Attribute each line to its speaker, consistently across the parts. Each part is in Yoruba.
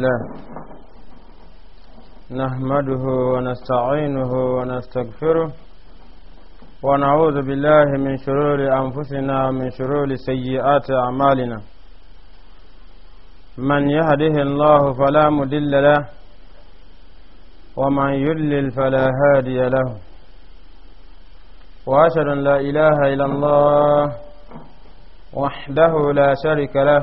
Speaker 1: الله نحمده ونستعينه ونستغفره ونعوذ بالله من شرور أنفسنا ومن شرور سيئات أعمالنا من يهده الله فلا مدل له ومن يلل فلا هادي له وأشهد أن لا إله إلا الله وحده لا شرك له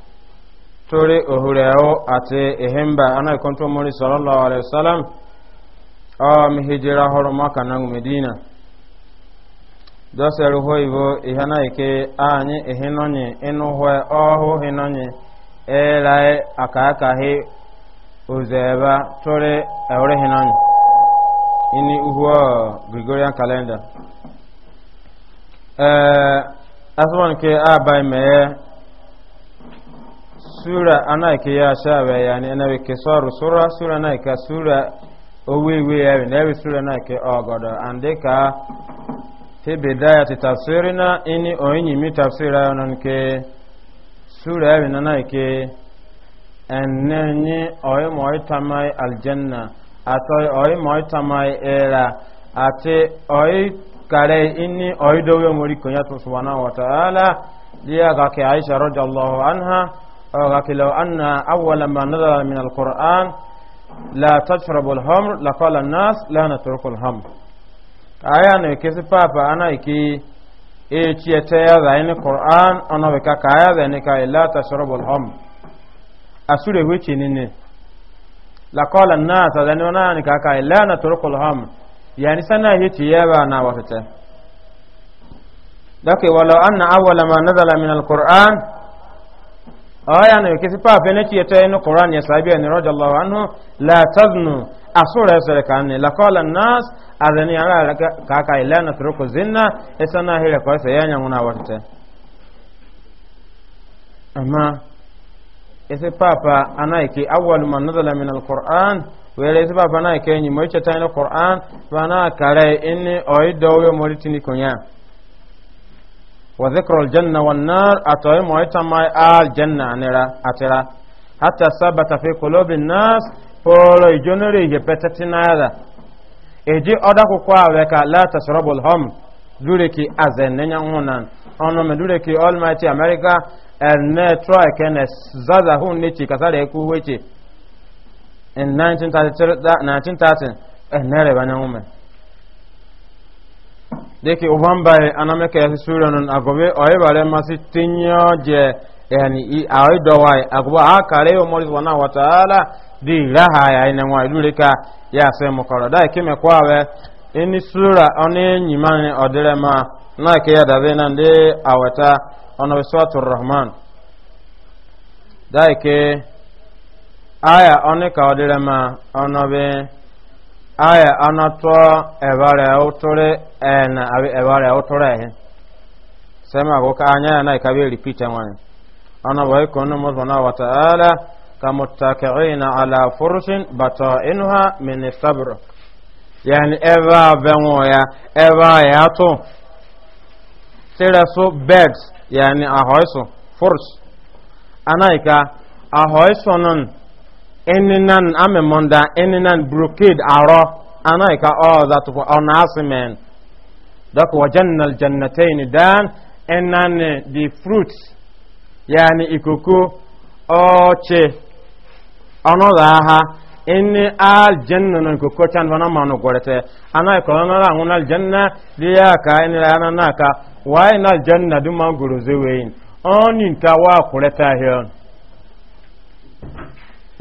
Speaker 1: tori ohurewo ati ihimba ana ikonto mori sallallahu alaihi wasallam a mi hijira horo maka na medina dose ruho ibo ihana ike anyi ihinonye inuhwe ohu hinonye elai akakahi uzeba tori eure hinonye ini uhuo gregorian calendar eh asman ke abai meye sura anaike ya shawe yani enawe kisaru sura sura anaike sura owewe yawe newe sura anaike ogodo andika fi bidayati tafsirina ini oyinyi mi tafsira yonon ke sura yawe nanaike enenyi oyi moyi tamai aljanna atoyi oyi moyi tamai era ati oyi kare ini oyi dowe mori kunya subhanahu wa ta'ala liya ga ke aisha radiyallahu anha أو لو أن أول ما نزل من القرآن لا تشرب الخمر لقال الناس لا نترك الخمر aya ne kesi papa ana iki e chiete ya da ni Qur'an ona be ka kaya da ni ka la tashrabu al-hum asure wechi ni ne la qala an-nas da ni ona ni ka ka la na turku al-hum yani sana hichi ya ba na wata dake walau anna awwala ma nazala min al-Qur'an aya na kesi pa fe ne tiete no quran ya sabi ni radiyallahu anhu la taznu asura sare kan la qala nas adani ara ka ka ilana turuku zinna esana hira ko se yanya nguna warte amma ese papa anaiki awwal man nazala min alquran wele ese papa anaiki ni moicha tayna quran wana kare inni oido yo moritini kunya وذكر الجنة والنار أتوي مويتا ماي آل جنة أنيرا أترا حتى ثبت في قلوب الناس فولو يجنري يبتتنا هذا eji ọdakụ kwa weka la tasrabul hom dureki azennenya nwunan ọnụ me dureki almighty america erne troy kene zaza hun nechi kasara ekwu wechi in 1930 1930 ernere banye nwume deke uban bai aname ka sura agobe oye je yani i a mori wana wa taala di raha ya ina wa lurika ya se mo koro dai kime kwawe ini sura oni nyimane na ke ya dabe awata ke aya anatɔ ɛbara ɛwotore ɛna abi ɛbara ɛwotore ɛhin sɛma ko ka anya yana ka bi repeat wani ana wa ikon no mo na wa ta'ala ka muttaqi'ina ala furushin bata'inuha min sabr yani eva benwo ya eva ya to sira so beds yani ahoiso furs anaika ahoiso non eninan amemonda eninan brocade aro ana ka all that for on asimen dak wajannal jannatain dan enan the fruits yani ikoko oche ono ha inni aljanna nan ko ko tan wana manu gorete ana ko na la ngona aljanna liya ka inni la na naka ka wa inna aljanna dum ma zewe zewein onin ta wa kureta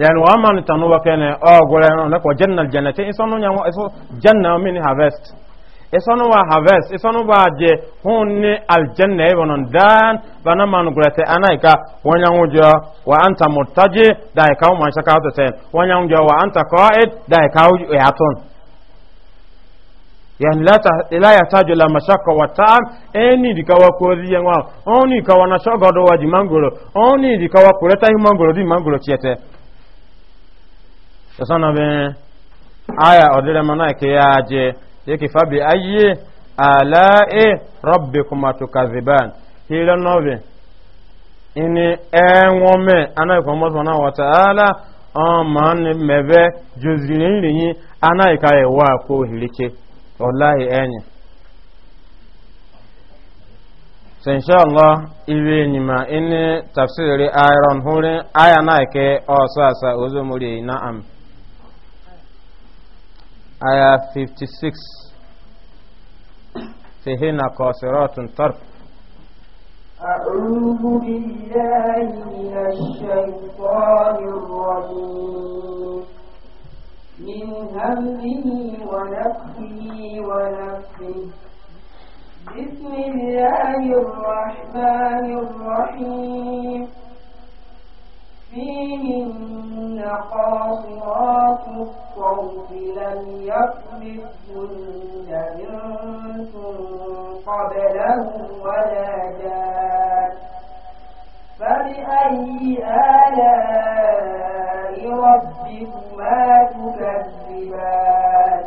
Speaker 1: yani wa man tanu wa kene o gore no na ko jannal jannati isonu nyanwa eso janna min harvest isonu wa harvest isonu ba je hunni al janna e wonon dan bana man gurete anaika wanyanwu jo wa anta muttaji da ka ma shaka to sen wanyanwu jo wa anta qaid da ka u yatun e yani la ta la yataju la mashaka wa ta'am eni dikawa kozi yanwa oni kawa na shogodo wa jimangoro oni di dikawa kureta himangoro di mangoro chiete sasana bin aya ọdịrị mana ke ya je yake fabi ayye ala'e rabbi kuma tukaziban hira novi ini ẹwọn mẹ anaikọ mọsán náà wataala ọmọ ni mẹbẹ jòzìrì nìyí anaika ẹwà kó hirike ọláhì ẹyìn sẹ̀nṣọ́lọ́ ilé tafsiri iron aya na aya 56 فيهن قاصرات طرف
Speaker 2: أعوذ بالله من الشيطان الرجيم من همه ونفه ونفه بسم الله الرحمن الرحيم فيهن قاصرات الصوت لم يطمثهن إنس قبلهم ولا جان فبأي آلاء ربكما تكذبان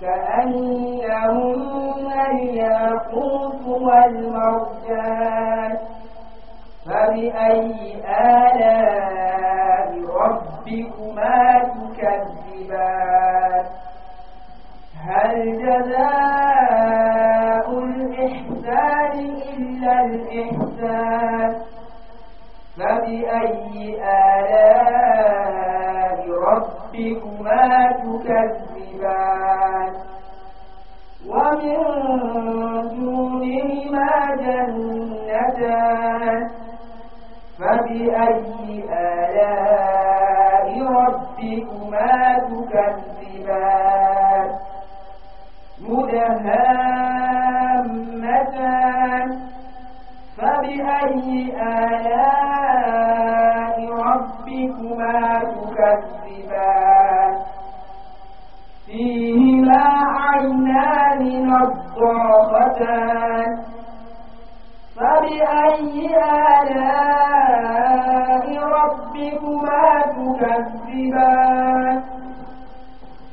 Speaker 2: كأنهن الياقوت والمرجان فبأي آلاء ربكما تكذبان هل جزاء الإحسان إلا الإحسان فبأي آلاء ربكما تكذبان ومن دونهما جنتان فبأي آلاء ربكما تكذبان مدهامتان فبأي آلاء ربكما تكذبان فيهما عينان نضاختان فبأي آلاء تكذبان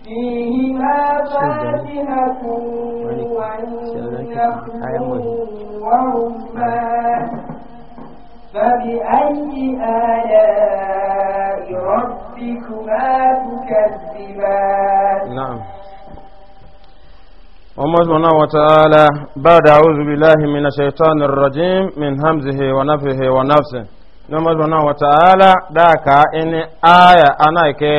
Speaker 2: فيهما فاكهة والنخل ورمان فبأي آلاء ربكما تكذبان
Speaker 1: نعم ومجمع الله وتعالى بعد أعوذ بالله من الشيطان الرجيم من همزه ونفه ونفسه nama subhanahu wa ta'ala da ka in aya ana ke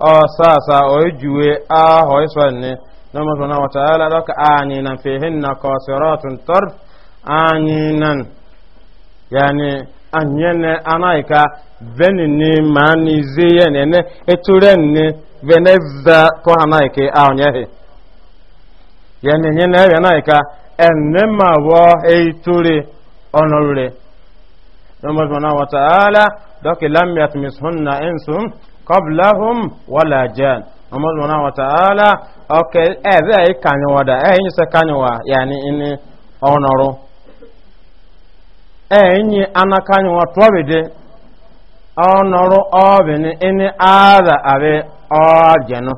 Speaker 1: o sasa o juwe a ho iswanne nama subhanahu wa ta'ala da ka ani nan fihin na qasiratun tarf ani nan yani anyene ana ka venini mani zeyene ne eturenne veneza ko ana ke a onyehe yani nyene ana ka enema wo eiture onorure نمبر سبحانه وتعالى دوك لم يتمسهن انس قبلهم ولا جان نمبر سبحانه وتعالى اوكي اذا اي كانوا دا اي نسا كانوا يعني ان اونرو اي ني انا كانوا توبدي اونرو اوبن ان هذا ابي اوجنو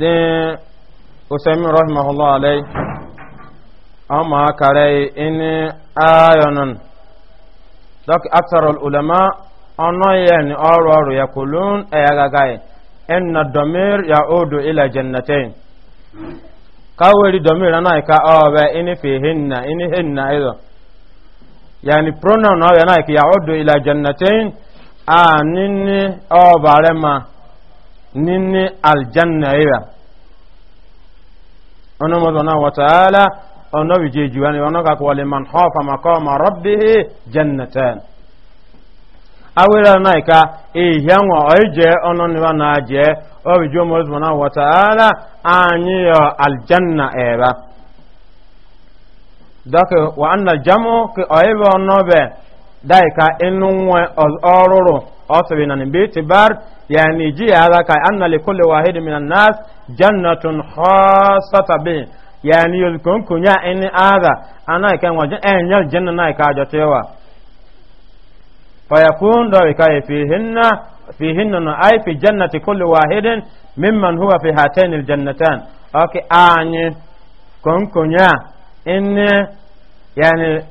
Speaker 1: دي وسمي رحمه الله عليه أما كري إني آيونن dɔk aksarol ulama ni ɔnɔ yɛn ɔrɔɔrɔ yakulun ɛyagagai e ɛnna domir yaudu ila jannatain kaweri domir ana ka ɔbɛ oh, ini fihinna ini hinna ido yani pronoun na ɔbɛ ana ka yaudu ila jannatain a nini ɔbare oh, ma nini aljanna ira ɔnɔ mɔzɔn na wataala ono bijeji wani ono ka ko wale man khafa maqama rabbih jannatan awira naika e yanwa oje ono ni wana je o bi jomo subhanahu wa ta'ala anyi aljanna eba dake wa anna jamu ke oyebe ono be daika inu nwe oruru otobi na nimbe tibar yani ji ya zaka anna likulli wahid minan nas jannatun khasata bi yani yuzkun kunya in aza ana kan wajen enyal eh, janna na ka jotewa fa yakun da ka e fihinna fihinna na ay fi jannati kulli wahidin mimman huwa fi hatain aljannatan okay anyi kun kunya in yani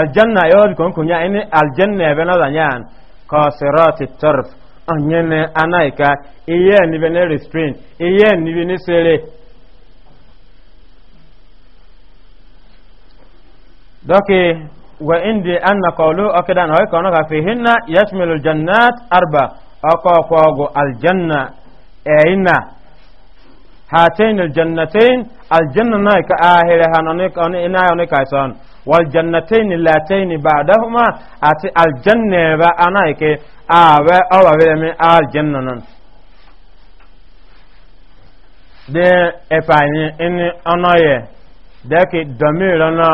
Speaker 1: aljanna yod kun kunya in aljanna e be na zanyan kasirati tarf anyene anaika iye ni be restrain iye ni be sere دوكي وإندي أن قولو أكدان هاي كونك فيهن يشمل الجنات أربع أقا فوق الجنة أينا هاتين الجنتين الجنة نايك آهلها نونيك أنا يونيك أيسان والجنتين اللاتين بعدهما أتي الجنة بأنايك آوة أو بلمي الجنة نون دي إفاني إني أنايه دكي دميرنا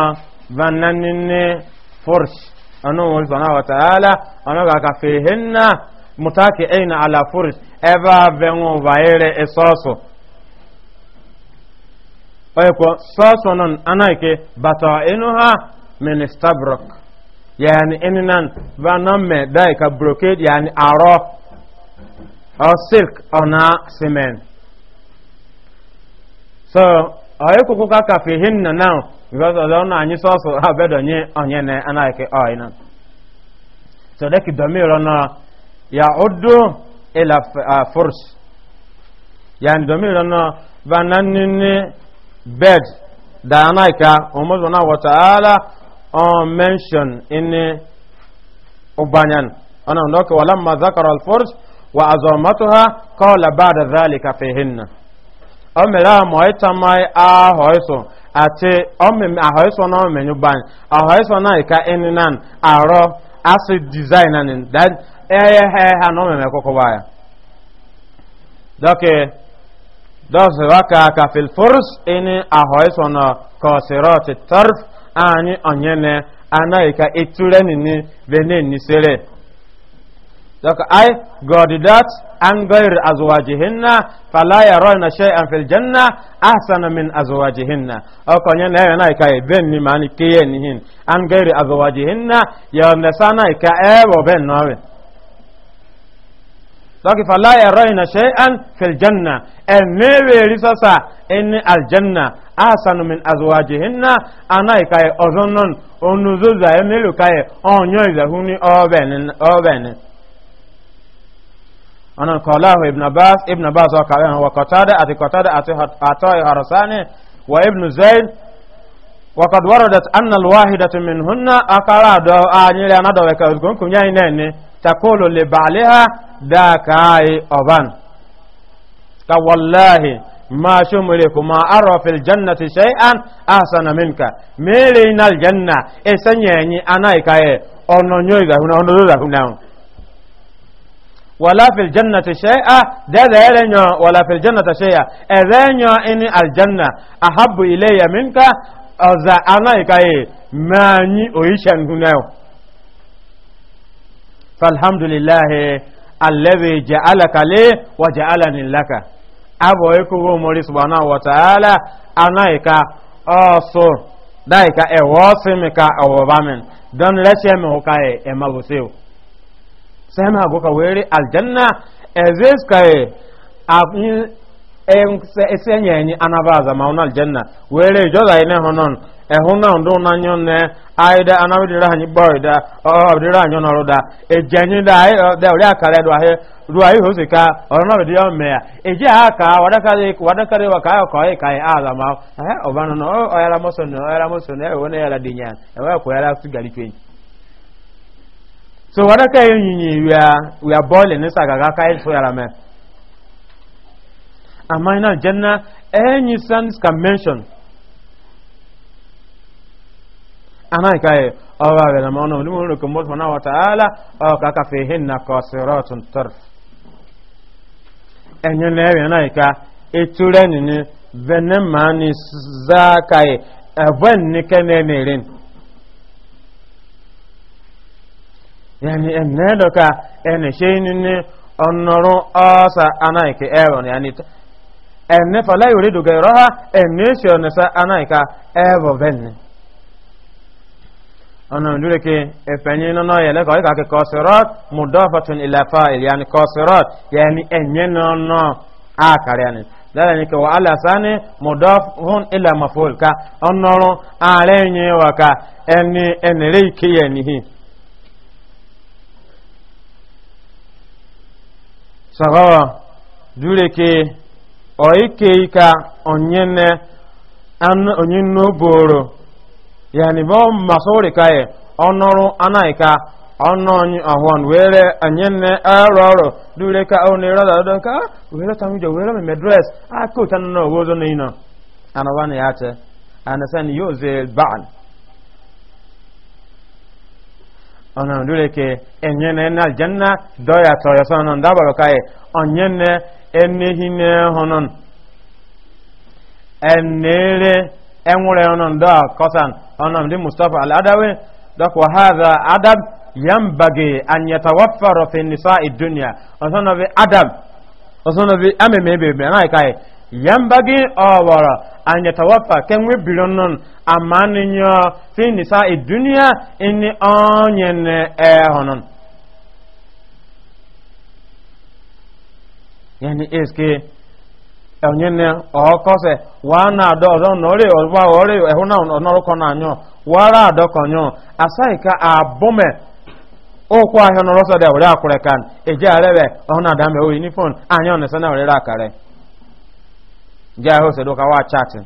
Speaker 1: vannaninne force anu wol sana wa ta'ala anu ga ka fihinna mutaki aina ala force eva vengo vaere esoso oye ko soso non anaike bata inuha min stabrok yani ininan vanamme dai ka brocade yani aro o silk ona cement so oye ko ka ka fihinna now because ọzọ na anyị sọsọ ha bedonye onye na anaghị ọyị na so deki domiro na ya odo ila furs ya ni domiro na bananini bed da anaghị ọmụzọ na ala on mention in ubanyan ana ndoka wala zakara al furs wa azamatuha qala ba'da dhalika fihinna o mere mo itamai a hoiso Ate ọmịmị ahọisọ na ọmịmị ban ahọisọ na ika eninan arọ asị dizaịn na nin dan ehe eh, he eh, eh, ha na ọmịmị kọkọba ya dọkị dọsị waka ka filfors eni ahọisọ na kọsirọtị tọrf anyị onyene anaghị ka eture nini benin nisere donc ay godidat an gayr azwajihinna fala yarawna shay'an fil janna ahsana min azwajihinna o ko nyen le na ikay ben ni man kiyen hin an gayr azwajihinna ya nasana ika e eh, wo ben no we donc fala yarawna shay'an fil janna en ne we risasa en al janna ahsana min azwajihinna ana ikay ozonon onuzuza en le kay onyo izahuni o ben o ben أنا قاله ابن باس ابن باس وقاله وقتادة أتي قتادة أتي أتي هرساني وابن زيد وقد وردت أن الواحدة منهن أقرا دو آني لأنا دو وكذكم كم ينيني يعني تقول لبعلها داكاي أبان والله ما شملك ما أرى في الجنة شيئا أحسن منك ميلين الجنة إسنيني أنا إكاي أنو نيوغا هنا أنو هنا wala fil jannati shay'a da da yarenyo wala fil jannati shay'a erenyo ini aljanna ahabbu ilayya minka za ana ikaye mani oishan hunayo falhamdulillah alladhi ja'alaka li wa ja'alani laka abo ekugo mori subhanahu wa ta'ala ana ika oso daika ewo simika owobamen don lese mi hukaye emabusiu sena go ka were aljanna ezes kai e, abin en se nyenyi anabaza mauna aljanna were joda ine honon ehuna ndo na nyonne aida anawidira hanyi boyda o abdira nyon oroda ejanyi da ai e- da ori akare do ahe do ahe hosika orona bi yo me eje aka wadakare wadakare wakayo ko e kai azama eh obanu no oyala mosono oyala mosono e wona yala dinya e wa ko yala sigali twenyi so wada ka yin yin we are we are boiling nisa ga ga kai so yara me amma ina janna any sons can mention ana kai awa ga na mono limu ro ko mosma na wa taala aw ka ka fe hinna qasiratun tarf enye ne we na ka eture ni ni venemani zakai evan ni kenene rin yani ene doka ene sheyni ne onoro osa anaike ewon yani ene fala yore doga roha ene shone sa anaika evo venne ana ndure ke efenye no no yele ko ka ke kosirat mudafatun yani kosirat yani enye no no yani dala ni ke wa ala sani mudafun ila maful ka onoro arenye wa ka eni enere sagawa dureke oike ka onyene an onyin no boro ya yani bo masore kai onoru anaika ọnụ anyị ahụọn were anyenne arụ ọrụ dure ka ọ na-ere ọla ka nke were ta mjọ were meme dres aka ụta nọ n'ogozo na ịnọ anọba na ya che anasa ni yóò zee baan ana dole ke enyene na janna doya to ya sono ndabalo kai onyene enehine honon enere enwure honon da kosan honon di mustafa al-adawi dak wa hadha adab yambagi an yatawaffara fi nisa'i dunya osono bi adab osono bi ameme be be na e. yambagi ọwọrọ anyatawafa kenwe bironon amaninyo fi nisa idunia ini onyen ehonon yani eske onyen okose wana do do nore owa ore ehuna onoroko na anyo wara adokonyo asaika abome okwa ahia noroso de ore akurekan eje arebe ohuna dame o uniform anyo nesana ore rakare jahil sai doka wa chatin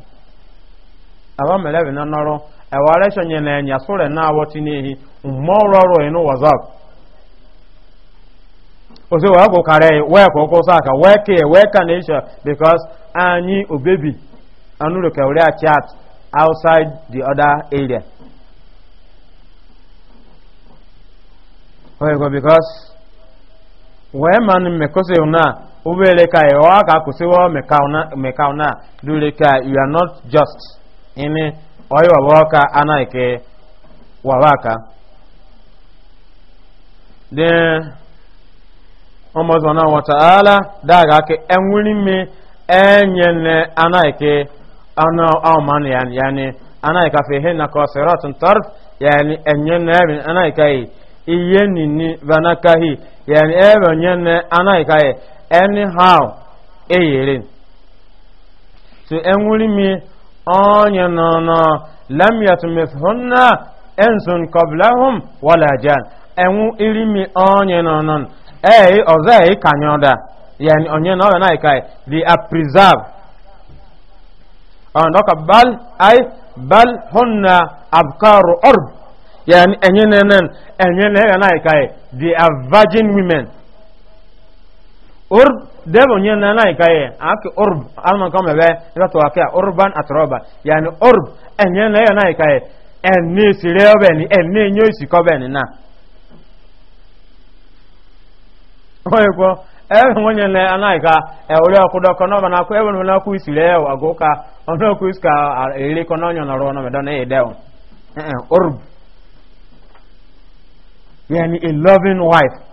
Speaker 1: awa melebi na nọrọ ẹwà e na enye sọrọ náà wọ ti ní ehi mọ rọrọ e whatsapp o sì wọ́n kò kàrẹ́ wẹ́ẹ̀ kọ́kọ́ sáàkà wẹ́ẹ̀ kí ẹ̀ wẹ́ẹ̀ because anyi obebi chat outside the other area. because ubele ka e wa ka kusiwa mekauna mekauna dule ka you are not just ini oyi wa waka anaike wa waka de ọmọ zọna wataala daga ke enwuri mi enye ne anaike ana ọman yani yani anaika fi hinna ka siratun tarf yani enye ne bin anaika yi iye nini vanakahi yani ebe nyene ne anaika yi anyhow eyere so enwuri mi onye nọ nọ lam yatmithunna ensun qablahum wala jan enwu iri mi onye nọ nọ ee ọzọ ee kanyoda yani onye nọ na ikai they are preserved on doka bal ay bal hunna abkaru urb yani enye nenen enye nenen na ikai they are virgin women orb devil nye nana ikaye aki orb alman kama be ya to akia urban atroba yani orb enye na ye na ikaye enye si leo beni enye nyo isi ko beni na oye kwa ewe mwenye na ana ika e ule akuda konoba na kwa ewe mwenye ku isi leo agoka ono ku isi ka iliko nonyo na rona medone ye devil orb yani a loving wife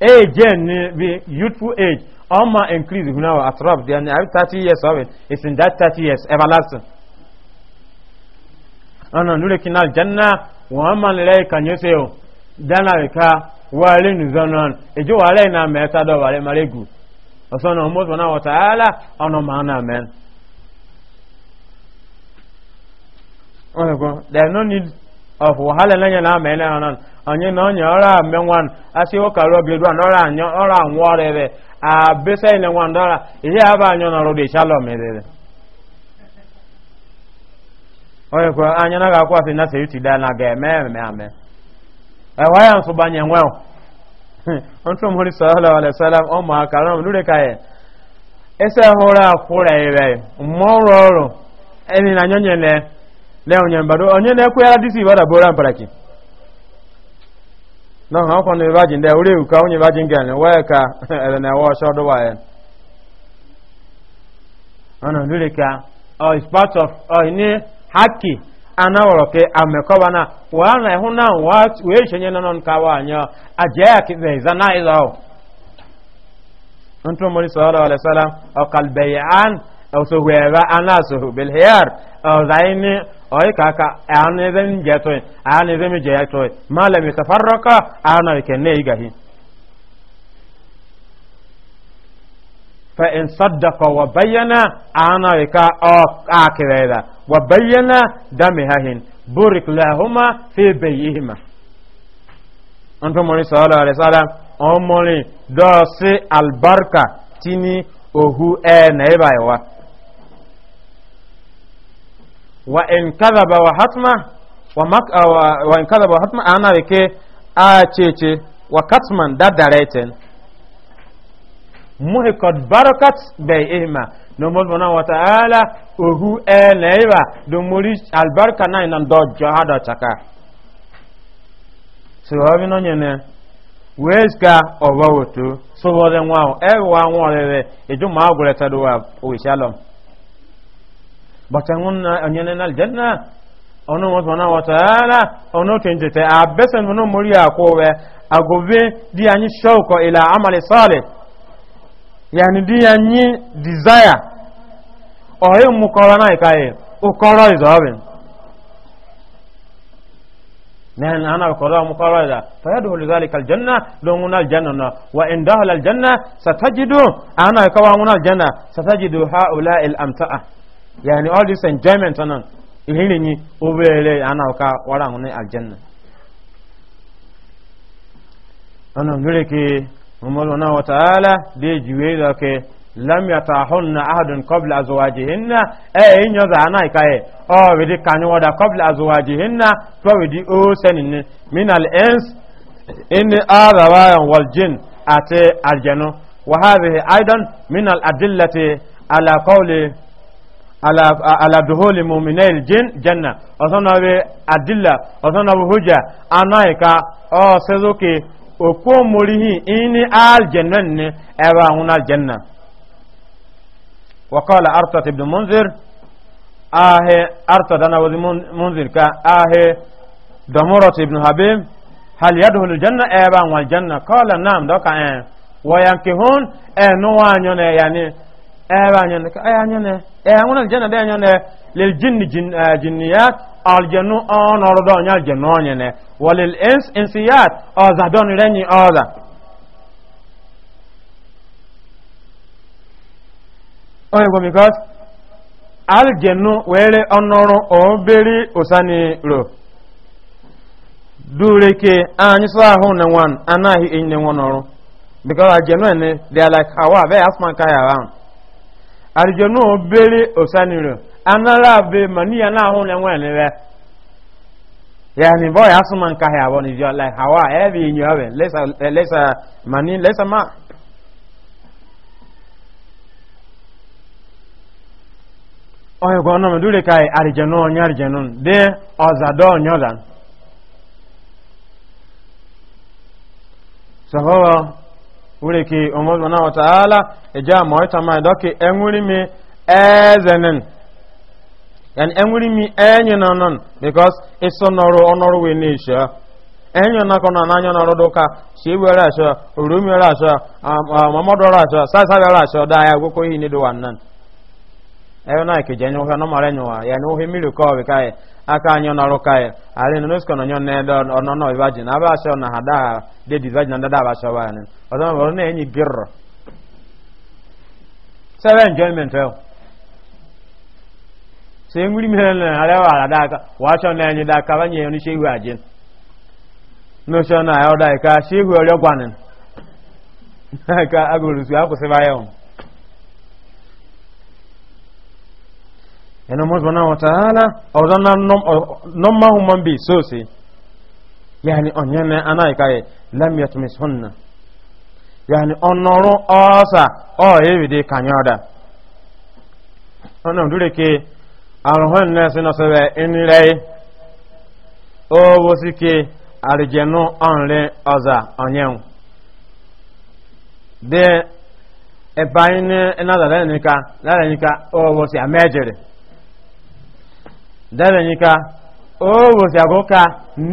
Speaker 1: age and the youthful age all Oma increase you know at Rob then have 30 years of it it's in that 30 years everlasting ana nule kinal janna wa lai kan yeseo dana ka wale wale na meta do wale maregu wa taala ono mana men go there no need of wahala na anan onye na onye ọrụ ame nwan asị na ọrụ anyị ọrụ anwụ ọrịrị abịsa ile nwan dọra ihe aba nọrụ dị onye na sayuti na eme eme ewa ya nsụ banye nwe ntụ ụmụaka rọm lure ka ya ese hụrụ ire mmụọ ọrụ ọrụ na nyonye le onye mbado onye na na ha kwa ne baji ka ele na wa sho do ana ka oh is part of oh ni haki ana woro ke na wa na na wa we shenye na non ka wa anya aje ya ki ze za na antu sallallahu alaihi wasallam o kal bayan zaini oyi kaka ana zan je to ana zan je ya to malami tafarraka ana ke ne gahi fa in saddaqa wa bayyana ana ka akireda wa bayyana damihahin burik lahuma fi bayyihima anto mori sallallahu alaihi wasallam o mori do albarka tini ohu e na ibayo وإن كذب وحتمة وإن كذب وحتمة أنا بك آتيتي وكتما دا داريتن muhikot barakat bai ihma domin subhanahu wa ta'ala uhu elaiba domin albarka na inan dojo hada taka so hobi no nyene weska obawoto so wore nwa ewa nwa rere ejo ma agure taduwa o batangun na eh, anyana na aljanna ono mo sona wa taala ono kenje te abesen no muri akowe agobe di anyi shauko ila amali salih yani di anyi desire oye mukora na ikaye ukoro izobin nan ana ukoro mukoro da fayadu lidhalika aljanna lunguna aljanna wa in dakhala aljanna satajidu ana kawa nguna aljanna satajidu haula al yani all this enjoyment on ihiri ni obere ana ka wara hun aljanna ana nure ke umar na wa ta'ala de jiwe da ke lam yatahunna ahadun qabla azwajihinna e inyo za ana ka o we di kanyo wada qabla azwajihinna to we di o senin min al ins in arawa wal jin ate aljanu wa hadhihi aidan min al adillati ala qawli ala duhuli muminai jin janna ọsọna we adilla ọsọna we hujja anaika ọ sezoke okwo murihi ini aljanna ne ebe ahun aljanna وقال أرطة ابن منذر آه أرطة دنا وذي منذر كا آه دمرة ابن حبيب هل يدخل الجنة أبا والجنة قال نعم دوكا وينكهون أنوان يعني ayanyan ayanyan ayanwan aljanu onoro do walil ins insiyat oza don renyi oza oye go because aljanu were onoro oberi osani ro dureke anyị so ahu na nwan anahi enye because aljanu ne they are like hawa be asman kaya around arijanu bere osaniro anara be maniya na ahụ na enwe nire yani boy asuma nka ha abon is your hawa every in your heaven lesa uh, eh, lesa uh, mani lesa uh, ma oye ko na mdule kai arijanu onya arijanu de ozado onyodan so wuri ki umar na wata'ala ija ma wata ma da ke en wuri mi ezenin and en wuri mi enyi na non because iso nọrọ onoro we ne isha enyi na kọna na anya nọrọ doka shi ewe ra asha orumi ra asha mamadọ ra asha sa sa ra asha da ya gwoko hi ne do wannan ebe na ke jenyo ho no mare nyo ya no he miru ko be kai aka anyo na ro kai ale no sko no nyon ne do no no iba jin aba sho na hada de di vajin na da ba sho ba ne o do no ne ni bir seven enjoyment e se nguri mere na ale wa da ka wa sho na nyi da ka ba nyi ni shehu ajin no sho na ya o da ka shehu ore gwanin ka aguru su akwụsị ba ya ẹnu mọ́sùlùmọ́ wọn tààlà ọ̀dọ́ náà nọ́mọ́hùn mọ́ bí sóòsì yàní ọ̀nyẹ́nẹ́ anáìkáyẹ lẹ́mìẹ̀tùmísì hùnà yàní ọ̀nọ̀rún ọ̀ọ́sà ọ̀ẹ́rìdì kànyọ́dà ọ̀nà òdúrè ke àrùn nẹ́sìn ọ̀sẹ̀rẹ̀ ìnirẹ́ owó sí ke àrìjẹ̀nú ọ̀nrin ọ̀zà ọ̀nyẹ́hùn de ẹ̀bá yín ní ẹ̀nà àdàlẹ́nìka lálẹ́nìka sí dẹ́bẹ̀nyíká ó wòsì àgókà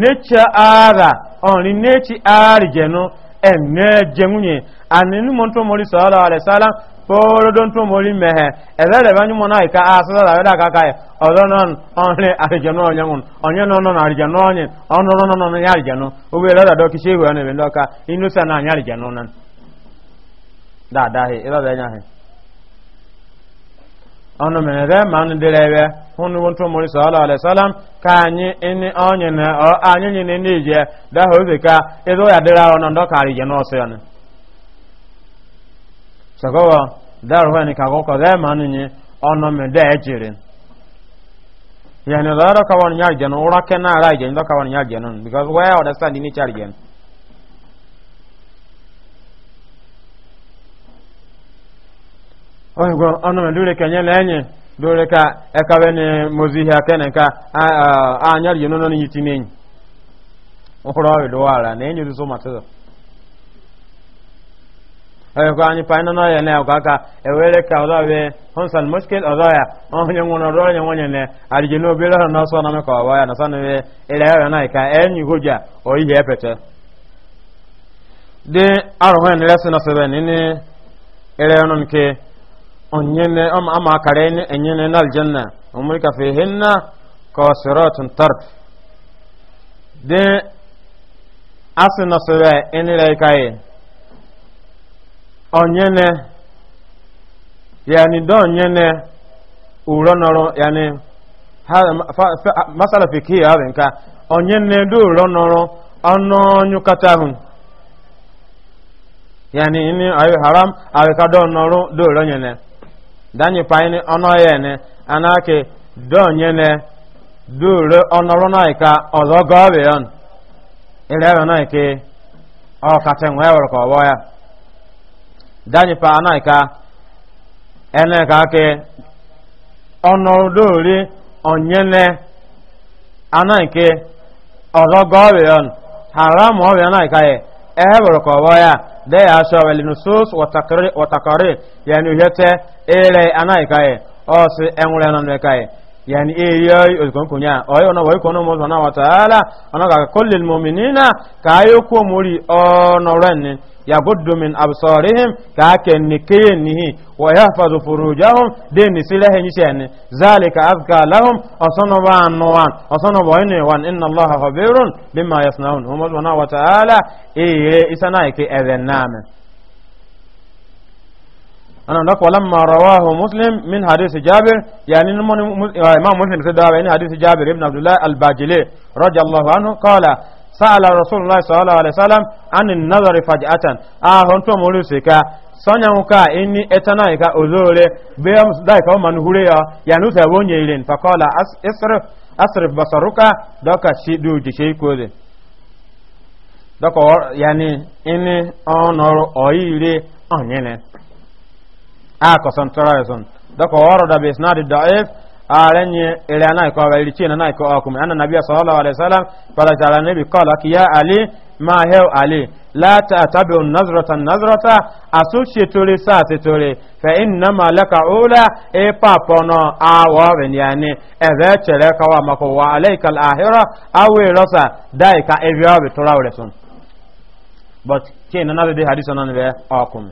Speaker 1: nẹ́tsẹ̀ ara ọ̀rin nẹ́tsẹ̀ ara jẹ̀nu ẹ̀nẹ́ jẹ̀múnyẹ̀ ànínú mọ́tò mọ́rí sọ́ọ́lá alẹ́sálá kóòlódón tó mọ́rí mẹ́hẹ̀ ẹ̀rẹ́ rẹ̀ bá a mọ́ná ìka asọ́sọ́lá rẹ̀ dàkàkà nọ ọ̀dọ́ náà ọ̀rin ọnụ mere dị ma ndị dịrị ebe hụnụ bụ ntụ mmiri sọlọ alayisalam ka anyị ịnị onye na ọ anyị nyere ndị ije daha ozi ka ịzụ ya dịrị ahụ na ndọkarị ije n'ọsọ ya nị sọgọwa darụ hụ ka akụkọ dị ma anyị ọnụ mere dị ejiri ya ni lọrọ kawọn ya ije n'ụra kenara ije ndọkawọn ya ije nụ because where understand ni chari ije nụ ogo ono lure kenye lenye lure ka e ekabe ni mozihi kene ka anyar e yuno no yiti nenyi okoro awe do wala na enyu so matazo ayo ko anyi paina no ya e na ka ka ewere ka odawe honsan muskil odaya onye ngono ro onye onye ne arije no bela na so e na me ko wa ya na so ne ile ya na ka enyu hoja o ihe epete de arho en lesson of seven ni ile onon nke. onyene ama ama karene enyene na aljanna umul ka fihinna qasiratun tarf de asna sura enira kai onyene yani do onyene uronoro yani ha masala fikhi hadin ka onyene do uronoro ono nyukatahun yani ini ayo haram ayo kadon noro do uronyene danyi paini ono yene anake donyene dure onoro naika ozo gobe yon ilebe naike o kate nwe e wor ko boya pa naika ene ka ono dore onyene anaike ozo gobe yon da ya sha wal nusus wa takrir wa takrir yani yete ele anai kai o oh, se enwure nan kai yani e yoy o kon kunya o na way kono mo subhanahu wa ta'ala ona ka kullil mu'minina kayo ko muri oh, o يبد من أبصارهم كأكن كيني نهي ويحفظ فروجهم دين نسيله نسيان ذلك ابقى لهم أصنوا عن نوان أصنوا عن إن الله خبير بما يصنعون هم سبحانه وتعالى اي إيه، إسنائك إذن نام أنا نقول ولما رواه مسلم من حديث جابر يعني الإمام مسلم سيدا يعني من حديث جابر ابن عبد الله الباجلي رضي الله عنه قال sa'ala rasulullah sallallahu alaihi wasallam an nazari faj'atan a honto mulu sika sonya muka inni etana ika ozore be am dai ka man hure ya ya nu sa wonye ilen faqala asrif asrif basaruka doka shi du ji shi ko de doka yani inni onoro oyire a ko son toraison doka woro da be isnad da'if arenye ere anai ko wa irichi anai ko akum anna nabiy sallallahu wa wasallam qala ta'ala nabi qala ki ali ma hew ali la ta'tabi'u nazrata nazrata asushi tore sa tore fa inna ma laka ula e pa awa benyane e be chere ka wa mako wa alaika al-ahira awi rasa dai ka e biya bi tura sun but ke na nabi hadisi nan be akum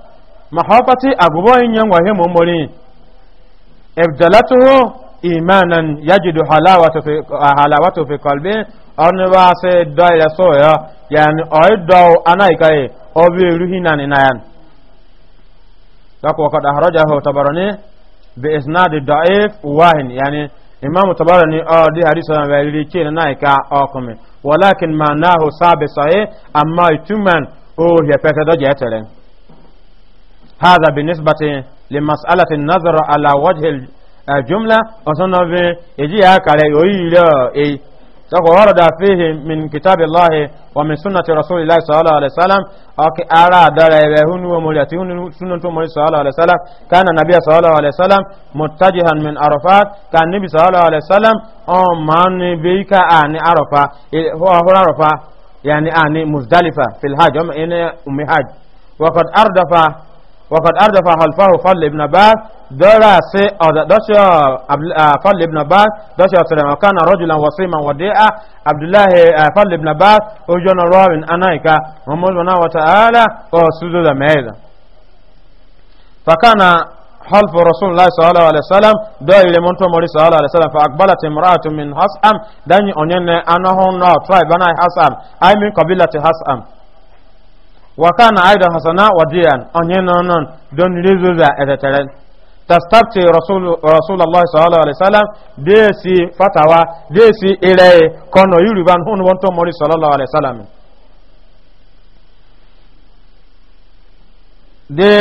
Speaker 1: mahopati abubuwan yan wahe mummuri ibdalatuhu imanan yajidu halawatu fi halawatu fi qalbi on wa se doya soya yani oy do anaikai o bi ruhina ni nayan dako kad ahrajahu tabarani bi isnad da'if wahin yani imam tabarani o di hadisa na wali ke naika o kome walakin manahu sabi sahih amma ituman o ya pete do jetelen هذا بالنسبة لمسألة النظر على وجه الجملة وصنع في يجي أكالي يويلا إيه سوف ورد فيه من كتاب الله ومن سنة رسول الله صلى الله عليه وسلم أكي أرى دار يبهون ومليتهن سنة مولي صلى الله عليه وسلم كان النبي صلى الله عليه وسلم متجها من عرفات كان النبي صلى الله عليه وسلم أمان بيك أني عرفة هو عرفة يعني أني مزدلفة في الحج أم حج وقد أردف وقد أردف خلفه فضل ابن باز دولا سي أو دوشا آه، فضل ابن باز دوشا سلام وكان رجلا وصيما وديعا عبد الله آه، فضل ابن باز وجون روابن أنايكا ومجمنا وتعالى وسجود ميزا فكان خلف رسول الله صلى الله عليه وسلم دو لمنتو مولي صلى الله عليه وسلم فأقبلت امرأة من حسام داني أنيني أنه نو تراي بناي حسام أي من قبيلة حسام وكان أيضا حسنا وديا أنين أنن دون رزوزا أتترن تستفتي رسول, رسول الله صلى الله عليه وسلم ديسي فتوى ديسي إليه كونو يريبان هون وانتو مولي صلى الله عليه وسلم دي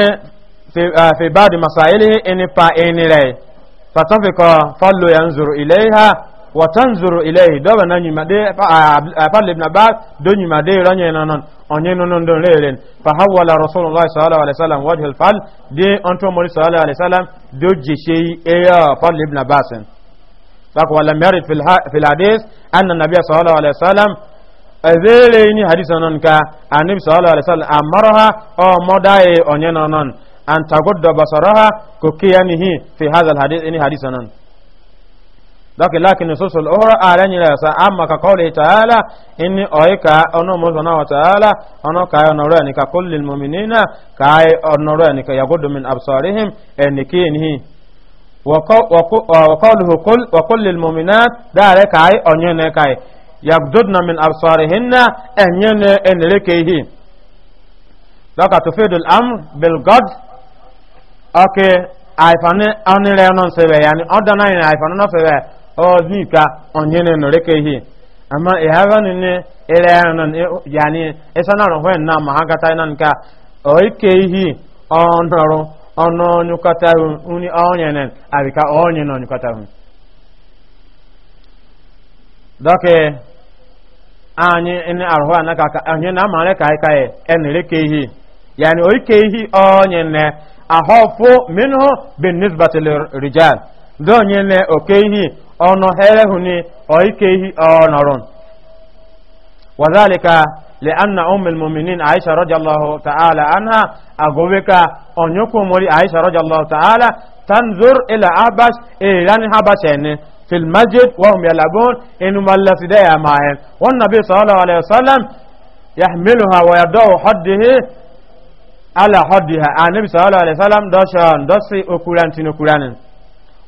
Speaker 1: في, آه في بعض مسائله إني فا إني لي فتفق فلو ينظر إليها وتنظر إليه دوبا نني مدي قال ابن عباس دوني مدي رني نانون اني نونون دون ليلين فحول رسول الله صلى الله عليه وسلم وجه الفال دي انتو مولى صلى الله عليه وسلم دوجي شي ايا قال ابن عباس فقال لم يرد في في الحديث ان النبي صلى الله عليه وسلم أذيلين حديث أنك النبي صلى الله عليه وسلم أمرها أو مداي أنينا أن تقود بصرها كوكيانه في هذا الحديث إني حديث أنك لكن لكن نصوص الأخرى أعلن لها سا أما كقوله تعالى إني أويكا أنو مزونا وتعالى أنو كاي نورانيكا كل المؤمنين كاي نورانيكا يقود من أبصارهم إنكين هي وقوله كل وكل المؤمنات داري كاي أنين كاي يقودنا من أبصارهن أنين إنكي هي لك تفيد الأمر بالقد أوكي أيفاني أنين لأنون سيبه يعني أدنا إن أيفاني نصيبه ozi ka onye ne nore ke hi amma e haga ne ne ere nan yani esa na ro na ma haga ta nan ka o ke hi onoro ono nyukata hu uni onye ne abika onye no nyukata hu anyị ene arụhụ anaka ka anyị na amara ka ka enere ka ihi yani oike ihe onye na ahọfụ minhu bin nisbatil rijal ndị onye na oke ihe. ọ̀nà hẹ́rẹ́hùn ni ọ̀íkèhì ọ̀nọ̀rùn wàzálìka lè anna umar muminin aisha rajallahu ta'ala anha agobeka onyokun mori aisha rajallahu ta'ala tanzur ila abash iran habashe ne fil masjid wa hum yalabun inu mallasi da ya mahen wan nabi sallallahu alaihi wasallam yahmiluha wa yadawu haddihi ala haddiha anabi sallallahu alaihi wasallam doshan dosi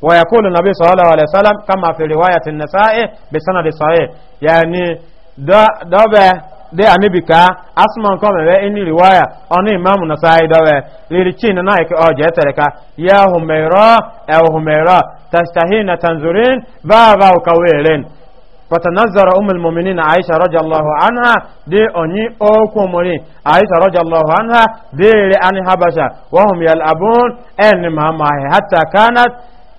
Speaker 1: ويقول النبي صلى الله عليه وسلم كما في رواية النساء بسند صحيح يعني دوبة دي أنبي كا أسمع كم إني رواية أن إمام النسائي دوبة لريتشين نايك أو جتركا يا هميرا أو هميرا تستهين تنظرين بابا وكويلين فتنظر أم المؤمنين عائشة رضي الله عنها دي أني أوكمري عائشة رضي الله عنها دي لأني حبشة وهم يلعبون أن ما حتى كانت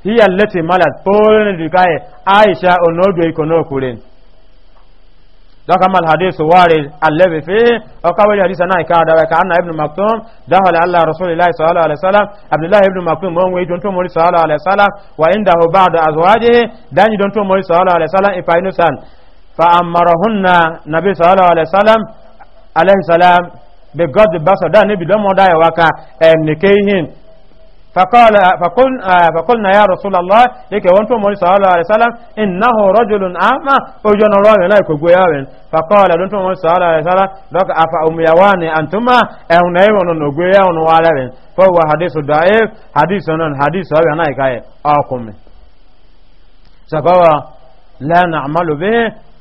Speaker 1: hiya lati malat polen dukaye aisha onodo ikono kulen daga mal hadith wari allabi fi o kawali hadith na ka da ka anna ibn maktum dahala alla rasulillah sallallahu alaihi wasallam abdullah ibn maktum mon wey don to mori sallallahu alaihi wasallam wa indahu ba'da azwajihi dani don to mori sallallahu alaihi wasallam ifa inusan fa amarahunna nabi sallallahu alaihi wasallam alaihi salam bi god basa da ni bi don mo da ya waka en nikehin فقال فقل فقلنا يا رسول الله لك وانت مولى صلى الله عليه وسلم انه رجل اعمى وجن الله لا يكغيا فقال انت مولى صلى الله عليه وسلم لك افا اميوان انتما اوناي ونو نغيا ونو علين فهو حديث ضعيف حديث نن حديث هو انا كاي اقوم سبوا لا نعمل به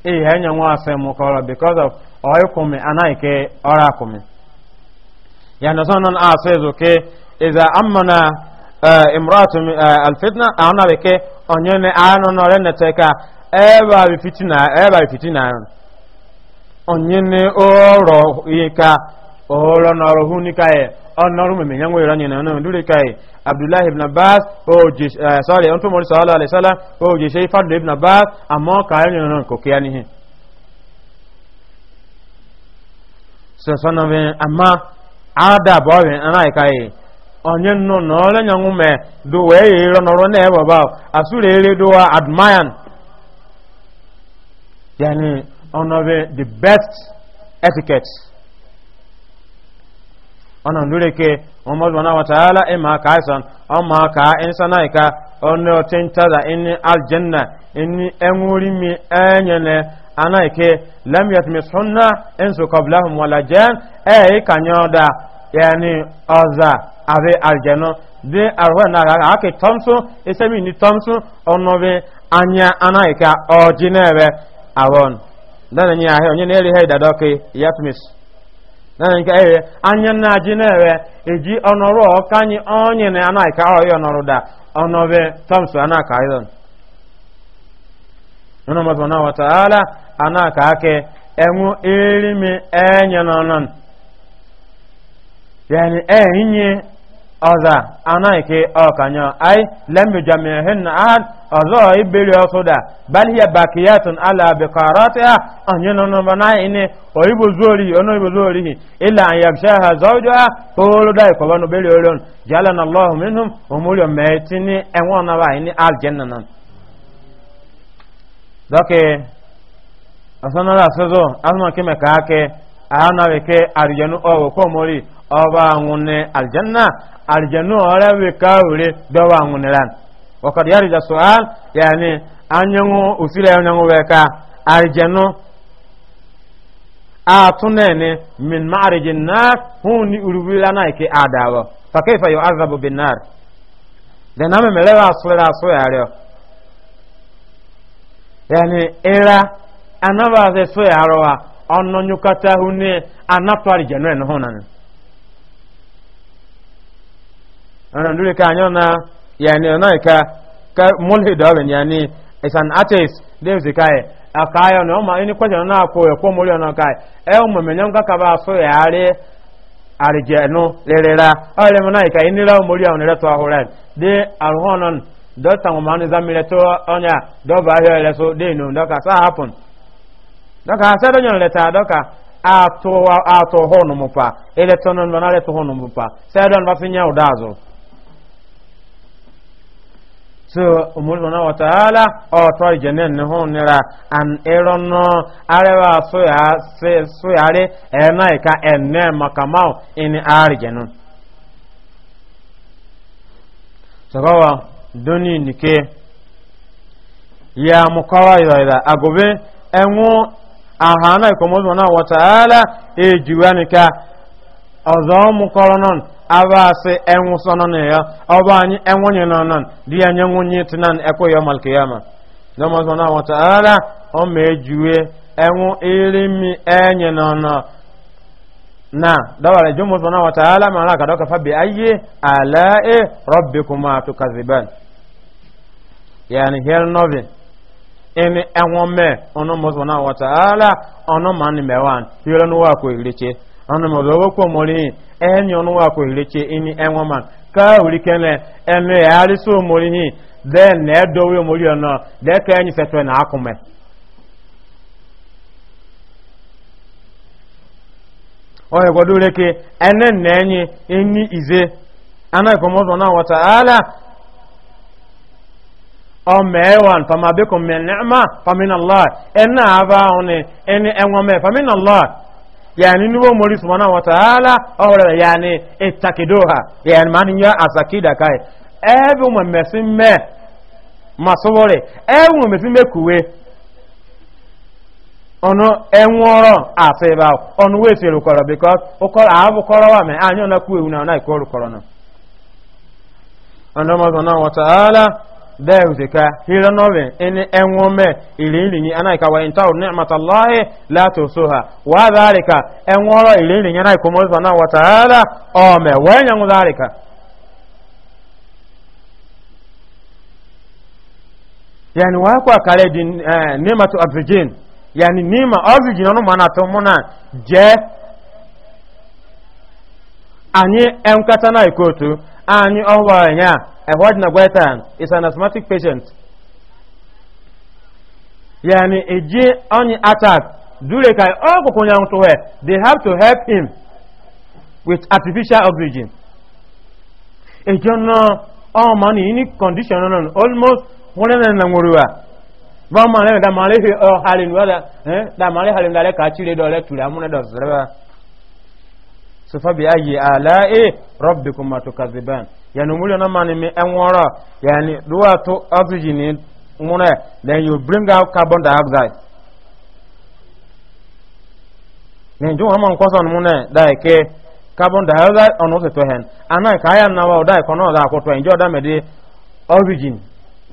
Speaker 1: اي هنيا واسم قال because of ايكم انا كاي اراكم يعني سنن اسيزو إذا أمنا امرأة الفتنة أنا بك أنيون أنا ibn abbas ibn abbas onye nnu na ole nyanwu me do wee yere nọrọ na ebe ba asụrụ ere do wa admiran yani ọnọbe the best etiquette ọnà lórí ke wọn mọ́ zuwana wataala ima ka isan ọmọ ka insana ika ọnà otin tada ịnị aljanna ịnị enwuri mi enyene ana ike lam yatmis hunna in su qablahum wala jan e ikanyo da yani ọza abe aljano de arwa na ga ake tomso esemi ni tomso onobe anya anaika ojinebe awon dana ni ahe onye na eri haida doke yatmis dana nka ewe anya na ajinebe eji onoro okanyi onye na anaika oyo onoro da onobe tomso anaka idon nuna mazana wa ta'ala anaka ake enwu erimi enye nonon yani enye ọza anaghịke ọkanyọ ai lemmijamihin na ahụ ọzọ ibiri ọsụ da balhiya bakiyatun ala bekarati ha onye nọ n'ụba na ini oyibo ila ha ha da orion jala na allahu minhum meti ni aljanna asanara ọba anwụne aljanna aljanna ọrịa wika were dọwa anwụneran wakad ya rija su'al yani anyanwụ usila ya anyanwụ weka aljanna a tunene min ma'arijin na hun ni urubila na ike adawa fa kaifa azabu bin nar da na memelewa asura asura yani era anaba ze so yarowa onno nyukata hune anatwari janwe no honane ana dure ka anyo na yani na e ka ka mulhid wa yani is an dem no ma ini kwaje na ko e ko mulio na kai e o mmenyo ka ba so ya are arjeno lelera ale mo na e ka na leto ahoran de arhonon dọta nwamani zamire to onya dọba ahịa e so de nu dọka sa hapun dọka dọka atụ atụ hụ ele na leta hụ so umurna wa ta'ala o to jenen ne ho nira an erono arewa so ya se so yare e na ka enne makamao in arjenu sagawa doni nike ya mukawa ila agobe enwo ahana ko umurna wa ta'ala e juwanika ọzọ mụkọrọ nọ Aba abase enwu sono ne ya oba anyi enwu nye no non di anya nwu nye tinan ekwe yo mal kiyama no mo sona wa taala o mejuwe enwu ilimi enye no no na dawara jumu na wa taala ma ka doka fa bi ayi alae rabbikuma tukaziban yani here novi ini enwu me ono mo sona wa taala ono man mewan yoro no wa ko iriche ono mo zo ko mo ri enyi ọnụ wa kwere che ini ma ka wuri kene ya arịsị omori hi den na edowe omori ọnọ de ka enyi fetwe na akụme ohe reke ene na enyi ize ana ikomozo na wata ala fama ẹni yani ni wọ́n mọ̀rí sùmọ́nà wọ́n tààlà ọ̀rọ̀ yani ìtàkìdóhà yani ni yọ àsàkídà káyẹ̀ ẹ̀bùn mọ̀ mẹ̀sí mẹ́ masọ́wọ́ rẹ̀ ẹ̀bùn mọ̀ mẹ̀sí mẹ́kùwé ọ̀nà ẹ̀wọ̀n ọ̀rọ̀ àti ìbá ọ̀nà wọ́n èsì èrùkọ̀rọ̀ bíkọ́ àbùkọ́rọ̀ wà mẹ́ àyàn náà kú ewu dẹ́wùsìká hìránọ́wẹ̀ ẹni ẹwọ́n mẹ́ ìrìnrìn anáìkàwà ìntàwò ní àmàtàláhì látò sóhà wà záríkà ẹwọ́n ọ̀rọ̀ ìrìnrìn anáìkọmọ́sọ̀ náà wàtàrà ọmẹ wẹ́yàn záríkà yàni wà kọ́ àkàrẹ́ di níma tó oxygen yàni níma oxygen ọ̀nà mọ́nà tó mọ́nà jẹ́ ànyí ẹnkátá anyị ìkóòtú anyị ọwọ́ A Ehwaj Nagwaitan is an asthmatic patient. Yani a G on attack, Durekai or oh, Kokunyang to her, they have to help him with artificial oxygen. A journal, all oh, money in condition, almost one and Namurua. Rama da male he o halin wala eh da male oh, halin eh, da ka chire dole tura mun da zaba sufa bi ayi ala e rabbikum matukaziban yani muri na mani mi enwora yani duwa to oxygen mune then you bring out carbon dioxide ni ju hama nkoso mune dai ke carbon dioxide ono se to hen ana ka ya na wa dai kono da ko to enjoy da mede oxygen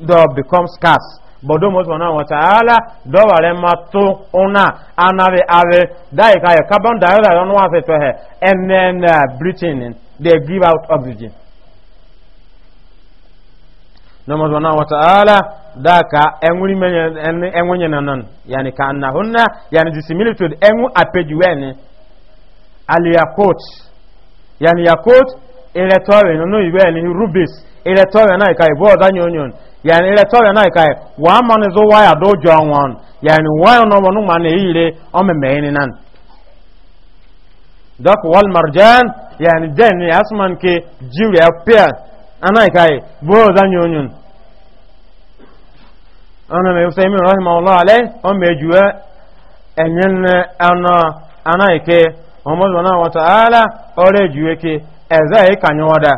Speaker 1: do become scarce but do mo sona wa taala do wa re ma to ona anave ave dai ka ya carbon dioxide ono wa se to he and then uh, breathing they give out oxygen نمر سبحانه وتعالى ذاك انوري من انوني نانن يعني كانهن يعني the similitude enu apejueni aliyakot yani yakot ni rubis ile na ikai bo da nyonyon yani na ikai wa man zo ya dojo na ile o memeeni nan dak wal marjan yani den asman ke jiwre anaikai boo zanyo nyun ana me usaymi rahimahullah alayh on me juwa enyen ana anaike omo zona wa taala ore juwe ke eza e kanyoda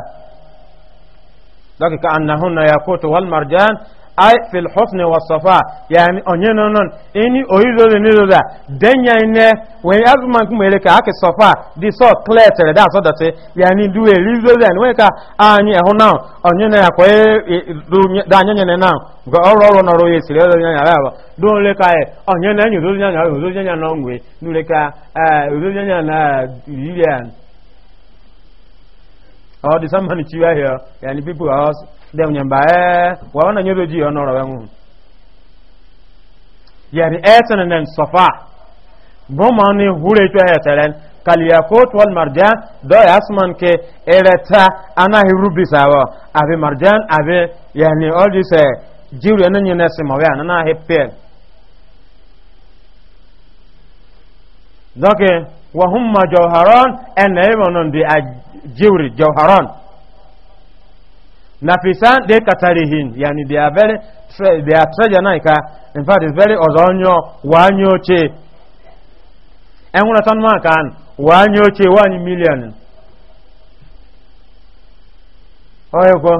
Speaker 1: dakika annahunna yaqutu wal marjan ay fil husni wa safa yani onye nonon ini oyizo de nizo da denya ine when azman kumele ka ake sofa di so clear tere da so da se yani du e rizo da we ka anyi eho now onye na ko e, e du da go oro oro no ro ye sire do nya ba le ka e onye na nyu do nya nya do nya no ngwe le ka eh do nya na lilian Oh, here, people are dem nyamba e eh, wa wana nyodo ji ono rawe ngun yani eten nen safa bo mani hure to etelen kaliyakot wal marjan do yasman ke ereta ana hirubi sawa ave marjan ave yani all this eh, jiru enen nyene semawe ana hepel doke wa humma jawharan en ebonon di jiwri jawharan Nafisa de katarihin yani they are very they are treasure naika in fact it's very ozonyo wanyo che enwura tan ma kan wanyo che one million oyo ko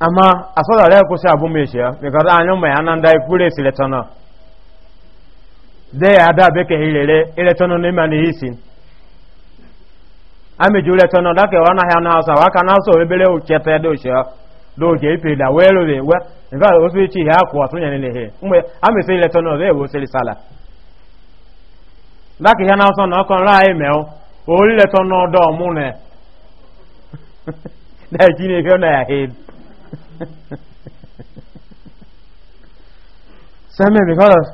Speaker 1: ama asoda le ko se abu meshi ya because anyo me ananda ikure siletano they ada beke hilele iletono ne mani hisin amejule tono lake wana hana sa waka naso bebele uchete dosha doje ipe da wero we nga osuichi ha ko atunya nene he mwe amesele tono de wo sele sala lake hana so na kon o orile tono do mu ne da jini ke na ya he same because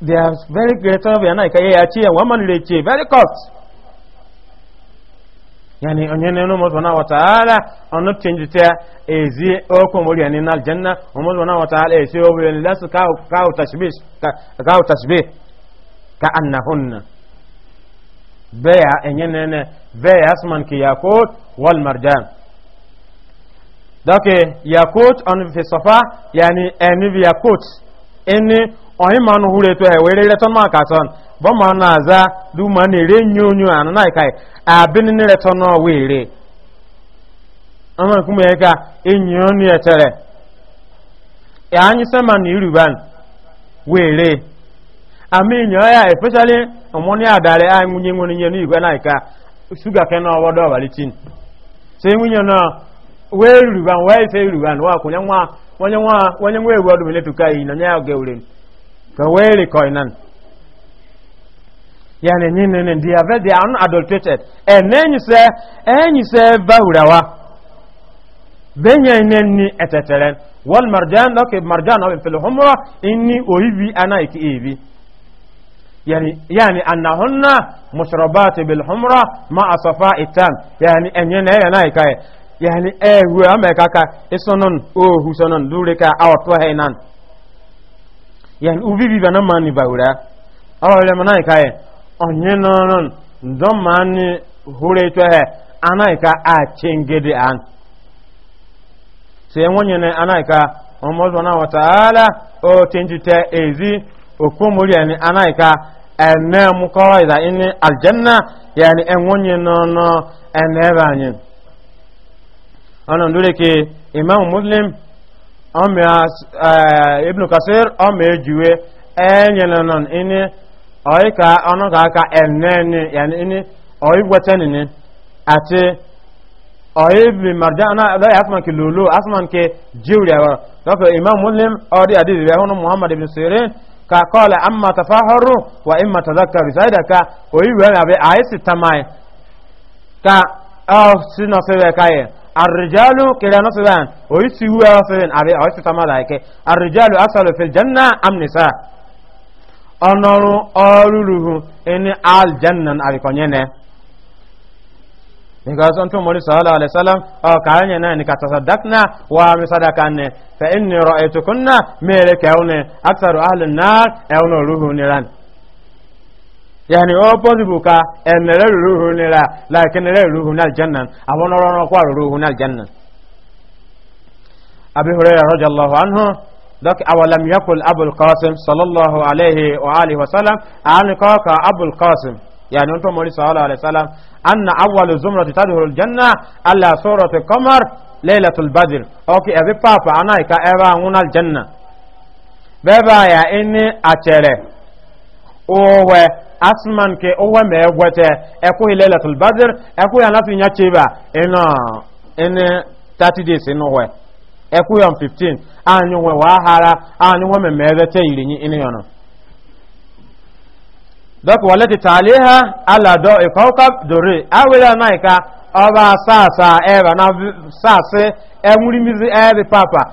Speaker 1: they are very great of yana ka ya chi wa very cost yani onyene no mo zona wataala ono tinjite ezi oko mori ani na janna o mo zona wataala ezi o bele las ka ka tashbih ka ka tashbih ka annahunna baya enyene ne baya asman ki yakut wal marjan dake yakut on fi safa yani eni yakut eni ọhị ma anụ hụrụ etu ha e, were reton ma katon bọ ma na aza du ma na ere nyo nyo anụ na ikai e. abin ni reton na we re ama kuma ya ka enyo ni etere ya e, anyi sama ni iruban we re ami nyo ya especially omoni adare a ngunye ngunye nyo ni igwe na ika sugar ke na owodo abalitin se ngunye na we iruban we se iruban wa kunya nwa wanye nwa wanye nwa ewu ọdụm iletuka iyi na nya ya ga ka were koinan yani ni ni ni they are very they are unadulterated and e then you say and you say bahurawa benya ni ni eteteren wal marjan lak marjan wa fil humra inni uhibi ana ikibi yani yani annahunna mushrabat bil humra ma asafa itam yani enyene yana ikaye yani ehu amekaka isunun ohu sunun durika awto heinan yani uvivi bana mani baura awa le mana ikaye onye nonon ndo mani hure to he anaika a chengede an se wonye ne anaika omozo na wataala o tenjite ezi okomori yani anaika ene mukawa ida ini aljanna yani enwonye nono ene banyin ana ndure ke imam muslim ọmịa e, ibn kasir ọmịa ejiwe enyela nọ ini ọyịka ọnụka aka enene yani ini ọyịgwetenini ati ọyịbi marja ana lọya asman ke lolo asman ke jiwri awara dọkọ imam muslim ọdị adịzi bịa hụnụ muhammad ibn sirin ka kọla amma tafaharu wa imma tazakkaru sai da ka oyi wẹrẹ abẹ a si tamai ka ọ si nọ sẹbẹ kaye الرجال كلا نصبان ويسيو أصلين أبي أو يستمع لايك الرجال أصل في الجنة أم نساء أنرو أولوه إن الجنة أبي كونينه because unto Muhammad sallallahu alaihi wasallam o kaanye na ni katasaddaqna wa mi sadakanne fa inni ra'aytukunna mere kaune aksaru ahli an-nar awna yani o possible ka enere ruhu nira like enere ruhu na aljanna awon oro ro kwa ruhu na aljanna abi hurayra radiyallahu anhu dak awalam yakul abul qasim sallallahu alayhi wa alihi wa sallam an ka ka abul qasim yani on to mori sallallahu alayhi wa sallam anna awwal zumrati tadkhulul janna ala surati qamar laylatul badr okay abi papa anai ka ewa ngun aljanna beba ya inni achere owe asman ke owe ma egwete ekwughị leletul badr ya anasị nya cheba ina ina 30 days inwe ekwughị ya 15 anyị nwe wa hara anyị nwe mmemme ebete irinyi ina yọnụ taliha ala do ikọkọ dore awere sasa ebe na enwurimizi e papa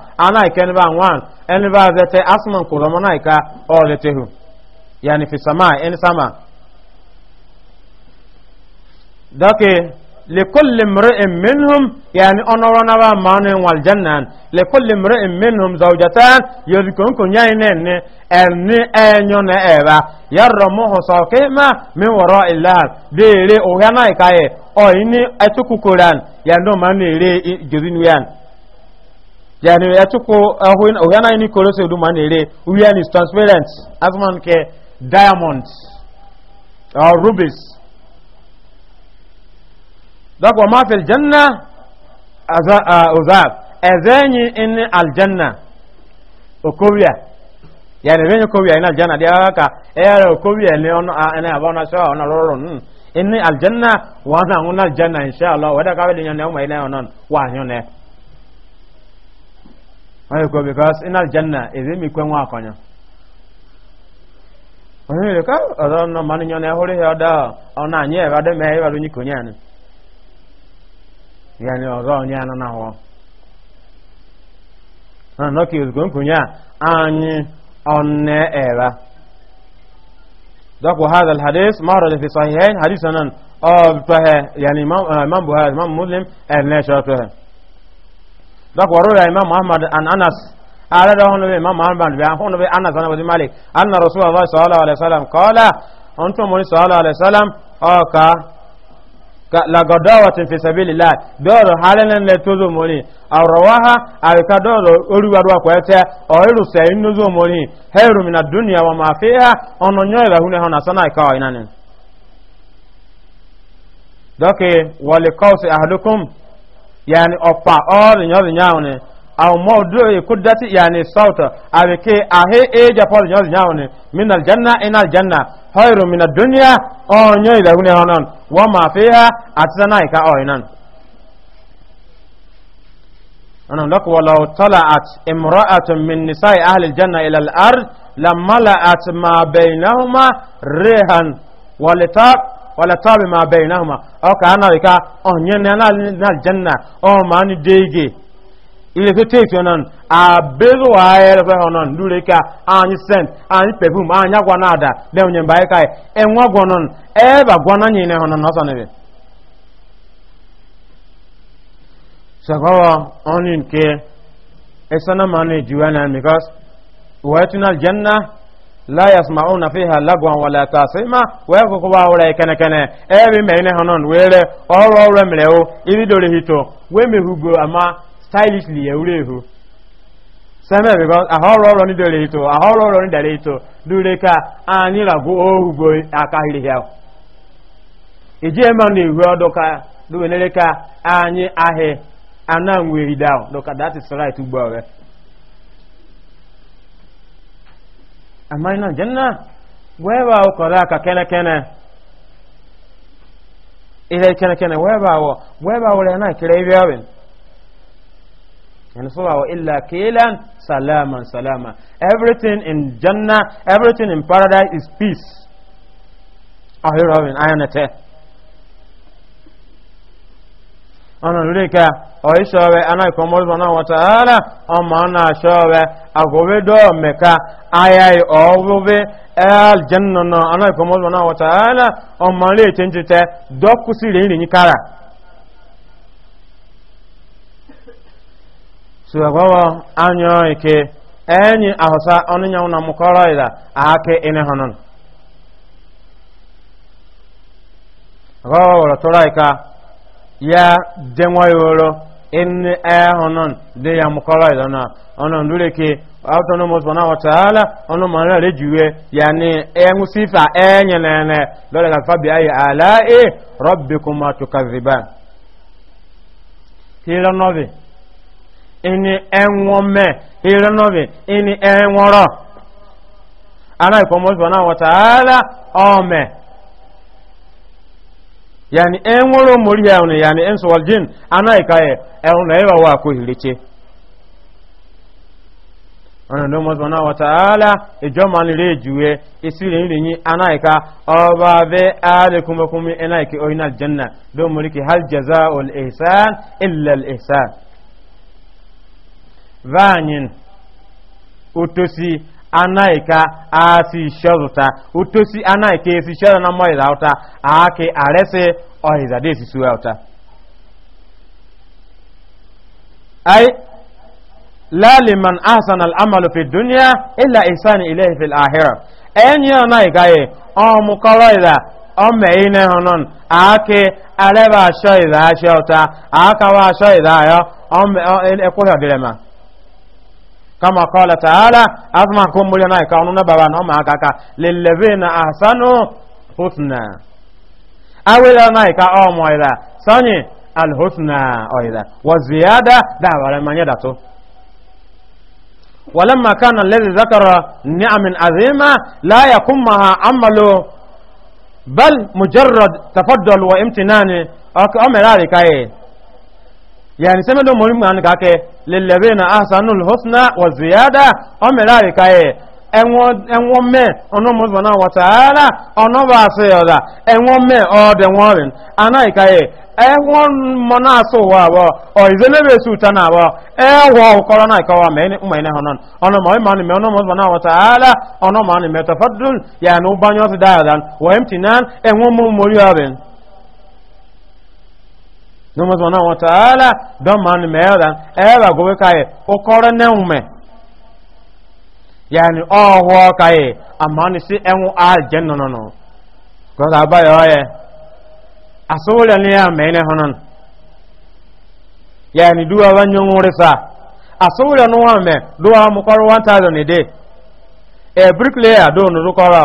Speaker 1: yani fi sama en sama dake le kulli mri'in minhum yani onoro na ba manu wal jannan li kulli mri'in minhum zawjatan yadkun kun yayne ne enni enyo na eba yarmuhu saqima min wara'il lahab dere o yana ikaye o ini etukukuran yando manu ere jozinu yan yani etuku o yana ini korose du manu ere uyan is transparent asman ke diamonds or rubies dɔk uh, hmm. wa ma fi aljanna uzab ɛzɛnyi in aljanna okoria yani bɛnyi koria in aljanna di ala ka ɛyɛrɛ okoria ni ɔno a ɛnɛ a bɔna sɛ ɔno lɔrɔ nun in aljanna wa na ŋun aljanna insha allah wa da ka bɛ di ɲɔnɛ ɔmɔ ilɛ ɔnɔn wa ɲɔnɛ. ayi ko because in aljanna ezi mi kwe ŋun akɔnyɔ. onye ka ọzọ nọ mmanụ nyọ na-ehụrụ ihe ọda ọ na-anyị ebe adị mee ịbara onye konye anyị ya ni ọzọ onye anọ na ahụ na nọka ezigbo nkonye a anyị ọnne ebe dọkwa ha zal hadis mara da fi sahihain hadis nan ọ tọhe ya ni eh, imam buhari imam muslim ẹ̀ eh, na-eche tọhe dọkwa ọrụ ya imam muhammad an anas أرد هون بي إمام أحمد بي هون بي أنس بن مالك أن رسول الله صلى الله عليه وسلم قال أنتم من صلى الله عليه وسلم أوكا lagodawatin fi sabilillah doro halanan le tozo moni arwaha arika doro oruwa ruwa ko ete o iru se inuzo moni heru mina dunya wa ma fiha ono nyoira hune hona sana ka inani doke wal qawsi ahlukum yani opa all nyozi nyaone aw mawdu'i e kuddati yani sawta abe ke ahe e japol nyaw nyawne min al janna ina al janna khairu min ad dunya o nyoy da gune honon wa ma fiha atsana ka o inan anan lak walau tala'at imra'atun min nisa'i ahli al janna ila al ard lamala'at ma bainahuma rihan walitab wala tabi ma bainahuma o ka anawika o nyenne na al janna o ma ni deege ilé tó tèèsì ọ̀nà àbẹ́lò ààrẹ ọ̀nà lúrẹ́ká ààyí scent ààyí perfume ààyí agbọ́nà àdá ada yẹn báyíká ẹ̀wọ̀n gbọ́nà ẹ̀bà gbọ́nà yìí ní ọ̀nà ọ̀sán níbi ṣàkọ́wọ́ ọ̀nà nke ẹ̀sánà máa ní ìjúwẹ́ náà because wẹ́túnà jẹ́nà láyàs ma ma wẹ́ kókó wá ama. silently ewure ehu sẹ́mẹ̀ because àhọ́rọ̀ ní dẹ̀rẹ̀ ètò àhọ́rọ̀ ní dẹ̀rẹ̀ ètò dúró ká anyị ohùgbò na ehu ọdọ́ka dúwẹ̀lẹ́rẹ́ ká anyị ahị anáwèrè dáhùn dọ́ka that is right ugbo ọ̀rẹ́ àmáyínà And so our illa kilan salaman salama. Everything in Jannah, everything in paradise is peace. Ahirawin ayanete. Ana lurika oishowe ana ikomoru bana wa ta'ala amma ana showe agobe do meka ayai owobe al janna ana ikomoru bana wa ta'ala amma le tenjite dokusi le ni kara. suwagowo anyo ike enyi ahosa oninya na mukoro ida ake ene honon gowo toraika ya denwa yoro in ehonon de ya mukoro ida na ono autonomous bana wa taala ono mara rejuwe enyi sifa fabi ayi kila novi ini enwome irenobi ini enworo ana ikomo na wa ta'ala ome yani enworo mori ya ne yani enso wal jin ana ikaye ehun na ewa wa ko hilice ana no mo subhanahu wa ta'ala ijo man re juwe isire ni yin ana ika oba be alaikum kum ina ki oinal janna do mori ki hal jazaa'ul ihsan illa al ihsan vanyin otosi anaika asi shozuta otosi anaika esi shozu na mo irauta aake arese oiza desi suelta ai la liman ahsana al'amalu fi dunya illa ihsani ilayhi fil akhirah enyi anaika ye o mukoroida ọmọ èyí náà hàn ááké arẹ́bà aṣọ ìdá aṣọ ọ̀ta àákàwà aṣọ ìdá ayọ́ ẹkùnrin ọ̀dẹ́rẹ̀mà kama kala ta'ala azma kun mulya na ka onuna baba na ma kaka lillazina ahsanu husna awila na ka o mo ila sani al husna o ila wa ziyada da wala manya da to ولما كان الذي ذكر نعم عظيمة لا يقمها عمل بل مجرد تفضل وامتنان أمر ذلك يعني سمدوا مريم عن كاكي للذين أحسنوا الحسنى والزيادة أمرارك ẹ̀wọ̀n mẹ́ ọ̀nàmọ̀sánà wàtàárà ọ̀nàbà àṣẹyọ̀dà ẹ̀wọ̀n mẹ́ ọ̀dẹ̀wọ̀rin anáìkáyẹ̀ ẹ̀wọ̀n mọ́nà àṣọwọ́ àwọ̀ ọ̀ìzẹ́lẹ́bẹ̀ sùtánà àwọ̀ ẹ̀wọ̀ ọ̀kọ́rọ̀ náà ìkọwà mẹ́rin ọ̀nàmọ̀sánà wàtàárà ọ̀nàmọ̀sánà mẹ́tọ̀fọ́dún yà ní ó bá yọ́ ti dáadáa wọ́n ti náà ẹ̀wọ̀n nomo sɔnna wa taala dɔn maa ni mɛɛ la ɛɛ ba gobe ka ye o kɔrɔ nɛɛw mɛ yaani ɔɔhɔ ka ye a maa ni si ɛŋu um a jɛ nɔnɔ nɔ kɔsɔ a ba yɔ yɛ a sowolɛ ni y'a mɛɛ ne hɔnɔn yaani duwa wa nyɔŋuri sa a sowolɛ ni wa mɛ duwa mu kɔrɔ one thousand de ɛɛ bricklayer do nudu kɔrɔ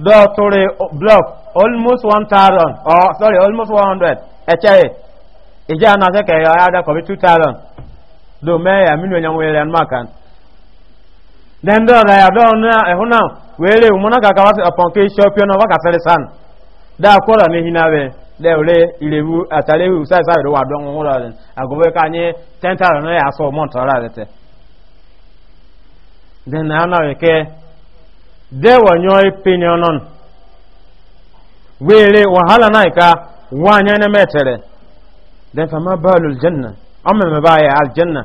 Speaker 1: dɔw tori block almost one thousand ɔ sorry almost one hundred ɛkyɛ ye. ije a na-asị ka ya ada kọbi 2000 do mee ya minu enyanwụ ya anụ aka then do da ya do na ehu na wele umu na kaka wasi upon ke shopio na waka sere san da kwora ne hinawe da ure ilebu atare hu sai sai do wa do nwu ra ka anyi 10000 na ya so mo ntara rete then na na we ke de wonyo opinion on wele wahala na ka wanya na metere then fama baalu aljanna amma ma baa aljanna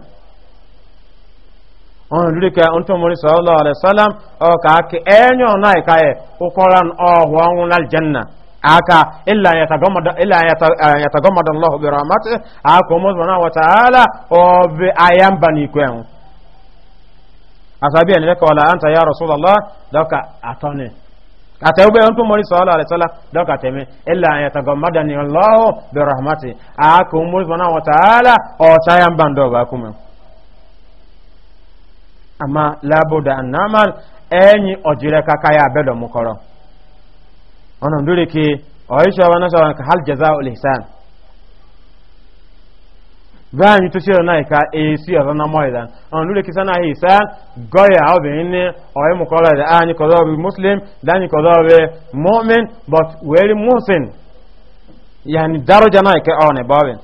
Speaker 1: on luri ka on tomori sallallahu alaihi wasallam o ka ke enyo nai ka e ukoran o wa on aljanna aka illa yatagamada illa yatagamada Allah bi rahmatihi aka mo subhanahu wa ta'ala o bi ayam bani kwen asabi en ka wala anta ya rasulullah doka atone atẹ́wọ́gbẹ́ yọ́n tó mọ́rí sọ́ọ́lá àrẹ́sọ́lá dọ́kàtẹ́mẹ́ ilẹ̀ àyẹ̀tàgọ̀mọ́dà ni ọlọ́wọ́ bẹ̀rẹ̀ rahmati ààkùn mọ́rí sọ́nà wọ́n tààlà ọ̀tá yà ń bá ń dọ̀gba kúmọ̀ àmà lábọ̀dà ànámàn ẹ̀yìn ọ̀jìrẹ́ kaka yà bẹ́ẹ̀ lọ́mú kọ́rọ̀ ọ̀nà ń dúró ke báyìí tó ṣẹlẹ̀ náà ìka èsì ọ̀rọ̀ náà mọ́ ìdán ọ̀n lórí kí sánà ìsá gọ́yà obìnrin ní ọ̀rẹ́ mùkọ́lá rẹ̀ ààyè kọ̀dọ̀ rẹ̀ muslim dáyìí kọ̀dọ̀ rẹ̀ mọ́min but wẹ́rí mọ́sìn yàní dárọ́jà náà ìkẹ́ ọ̀nà bọ́ọ̀bìn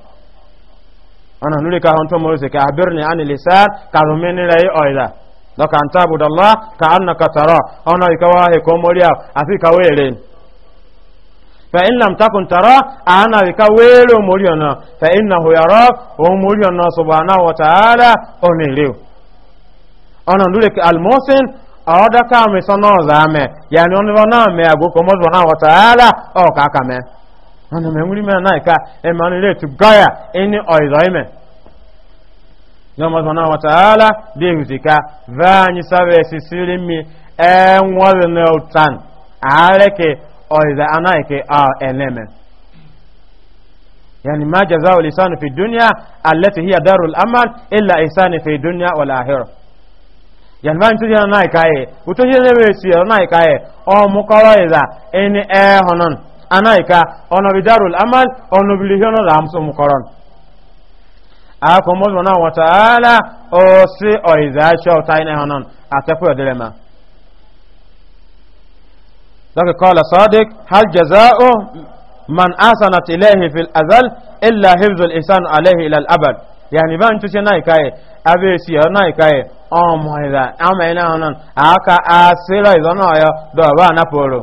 Speaker 1: ọ̀nà lórí ká hàn tó mọ́ ìsìnkà àbẹ̀rẹ̀ ní àni lè sá kàrùmí nílẹ̀ ọ̀ìdà lọ́kà ń tábùdọ̀lá ka annaka tara ọ̀nà ìkọwà ẹ̀kọ́ mọ́rí àfi ìkàwé ìrìn Fa ina na mutaku a anabi kaweri ọmụli ọhịa nọ fa na hụyoro ọmụli ọhịa nọ sobora na nwataala ọ na-eleu. Ọ na ndụle ka alụmọsịn ọ dịka amịisa na-ọzọ amị ya na ọ na-eme agụkọ mụzọọ na nwataala ọ kaaka mee. Ọ na mee nwule na mwanyị ka emụ a ọ̀rẹ́dà anáìkẹ́ ẹ̀nẹ́mẹ̀ yani ma jaza wa lisanu fi dunya allati hiya darul amal illa ihsani fi dunya wal akhirah yani ba ntu yana nai kai uto yana we si yana nai kai o mu kawai da en e honon anaika ono bi darul amal ono bi lihono da amso mu koron a ko mo na wa taala o si o لك قال صادق هل جزاء من أحسنت إليه في الأزل إلا حفظ الإحسان عليه إلى الأبد يعني بان تشي نايكاي أبي سي نايكاي أم هذا أم هنا هنا أكا أسيرا إذا نايا دوا نابولو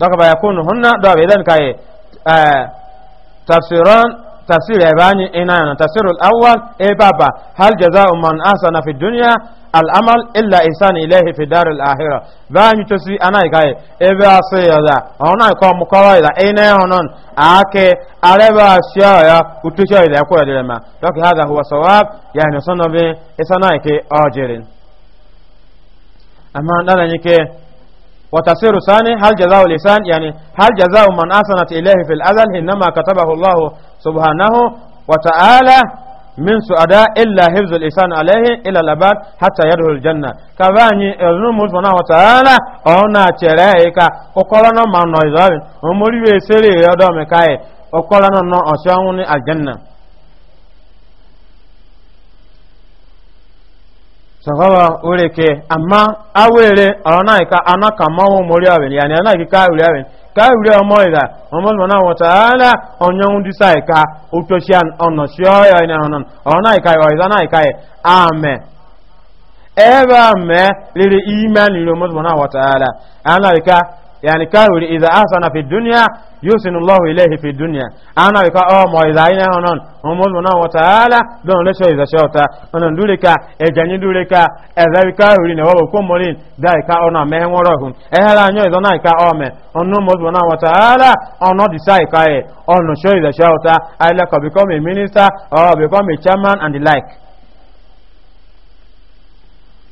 Speaker 1: لكن بيكون هنا دوا إذن كاي أه تفسيران تفسير يباني إنا تفسير الأول إيه بابا هل جزاء من أحسن في الدنيا al'amal illa isan ilahi fi daril ahira ba ni to si anai kai e ba se ya da ona ko mu ko ila ina honon ake areba sha ya utusha ila ko ya ma dok hada huwa sawab yani sono be isanai ke ajirin amma dala ni ke وتصير ثاني هل جزاء الإنسان يعني هل جزاء من أحسنت إليه في الأذن إنما كتبه الله سبحانه وتعالى min su'ada illa hifz al-isan alayhi ila labad hatta yadkhul janna ka bani ezunu mu wa ta'ala ona chere ka kokoro no man izabi o we sere re me kai okoro no no ni aljanna ureke amma awere ona ka anaka mori yani ka káwìrì ọmọ ìdá ọmọ ìmọ̀nà wọ̀tàálà ọ̀nyẹ́hún dísà ìka òtòṣìàn ọ̀nà ṣíọ́yọ̀ iná ọ̀nà ọ̀nà ìka ọ̀ ìdáná ìka ẹ̀ àmẹ́ ẹ̀ẹ́bà mẹ́ lèrè ìmẹ́ nìrò ọmọ ìmọ̀nà wọ̀tàálà àná ìka yani kahuri idha ahsana fi dunya yusinu Allahu ilayhi fi dunya ana wika o oh, mo idha ina honon umul mona wa taala don le shoy idha shota onon dulika e janyi dulika e za wika huri ne wabo komolin da ka ona me nworo hun e hala nyo idha na ka o me onu mo mona wa taala ono decide ka e ono shoy idha shota i like become a minister or become a chairman and the like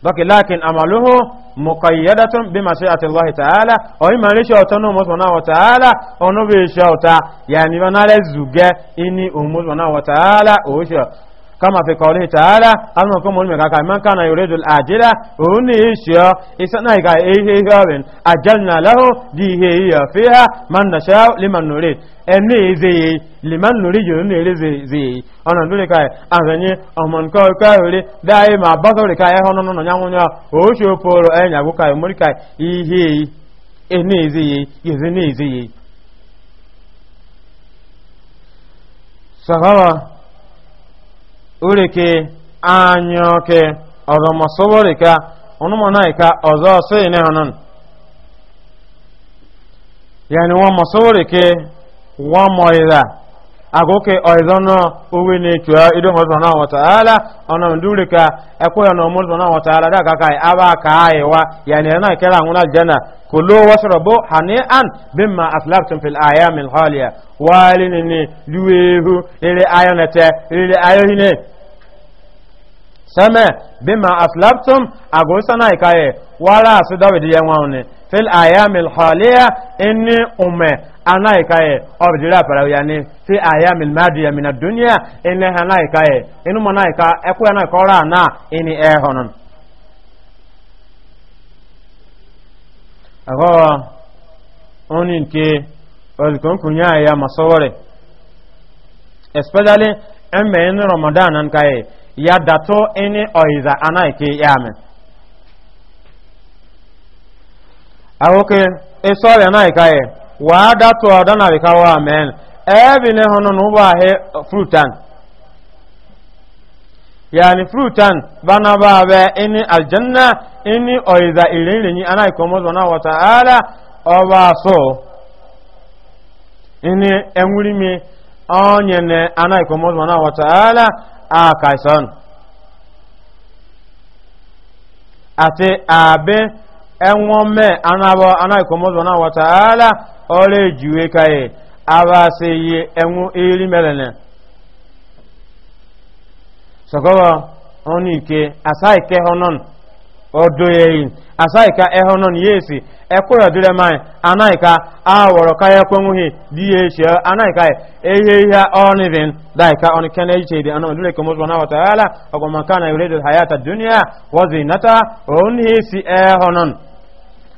Speaker 1: donc lakin amaluhu muqayyadatun bi mashi'ati Allah ta'ala o ima le shawta no mo subhanahu wa ta'ala ono be shawta yani bana le zuge ini umu subhanahu wa ta'ala o kama fi kawale ta'ala amma ko mun ka kai man kana yuridu al-ajila unni isya isana ga ehe gaben ajalna lahu dihe ya fiha man nasha liman nurid ene ze liman nurid yo ne re ze ze ona ndure kai azanye amon ko ka hore dai ma bakore kai hono no nyanwunya o shoporo enya go kai muri kai ihe ene eze ye yeze ne eze ureke anyoke ọzọ masoborika onumonaika ọzọ sọyine hanan yani wọn masoborike wọn mọyida agoke oizono uwini tuwa ido mo zona wa taala ona ndure ka ekoya no mo zona wa taala da kakai aba kai wa yani na kera nguna jana kulu washrabu hani'an bimma aslaftum fil ayam al khaliya walinni luwehu ile ayonete ile ayohine same bima aslaftum agosana ikaye wala su dawidi yanwa fil ayam al khaliya inni anaikaye ọbidira parawiya ni fi aya min madiya min duniya in leha naikaye inu mo naika eku ya naika ọra na ini ehonon agowa oni nke ozikonkun ya ya masowore especially emme inu ramadan nan ye ya dato ini oiza anaike ya me awoke esore ye. wa da to da na ka wa men e ne hono no ba he frutan yani frutan bana ba be ini aljanna ini oiza ilin ni ana ko mo na wa taala o so ini enwuri mi onye ne ana ko mo na wa taala a kaison ate abe enwome anabo ana ko mo na wa taala ọla ejiwe ka ị e, abasịghị enwu iri na sọkọrọ ọnụ ike asaike honon odoyeyi asaika ehonon yesi ekwere dịrị manyị anaghịka awọrọ karịa kwenwughị di ya echi anaghịka ehe ihe ọnịdị daika ọnị kene iche dị anọ dịrị kọmọsọ na wata ala na hayata duniya nata isi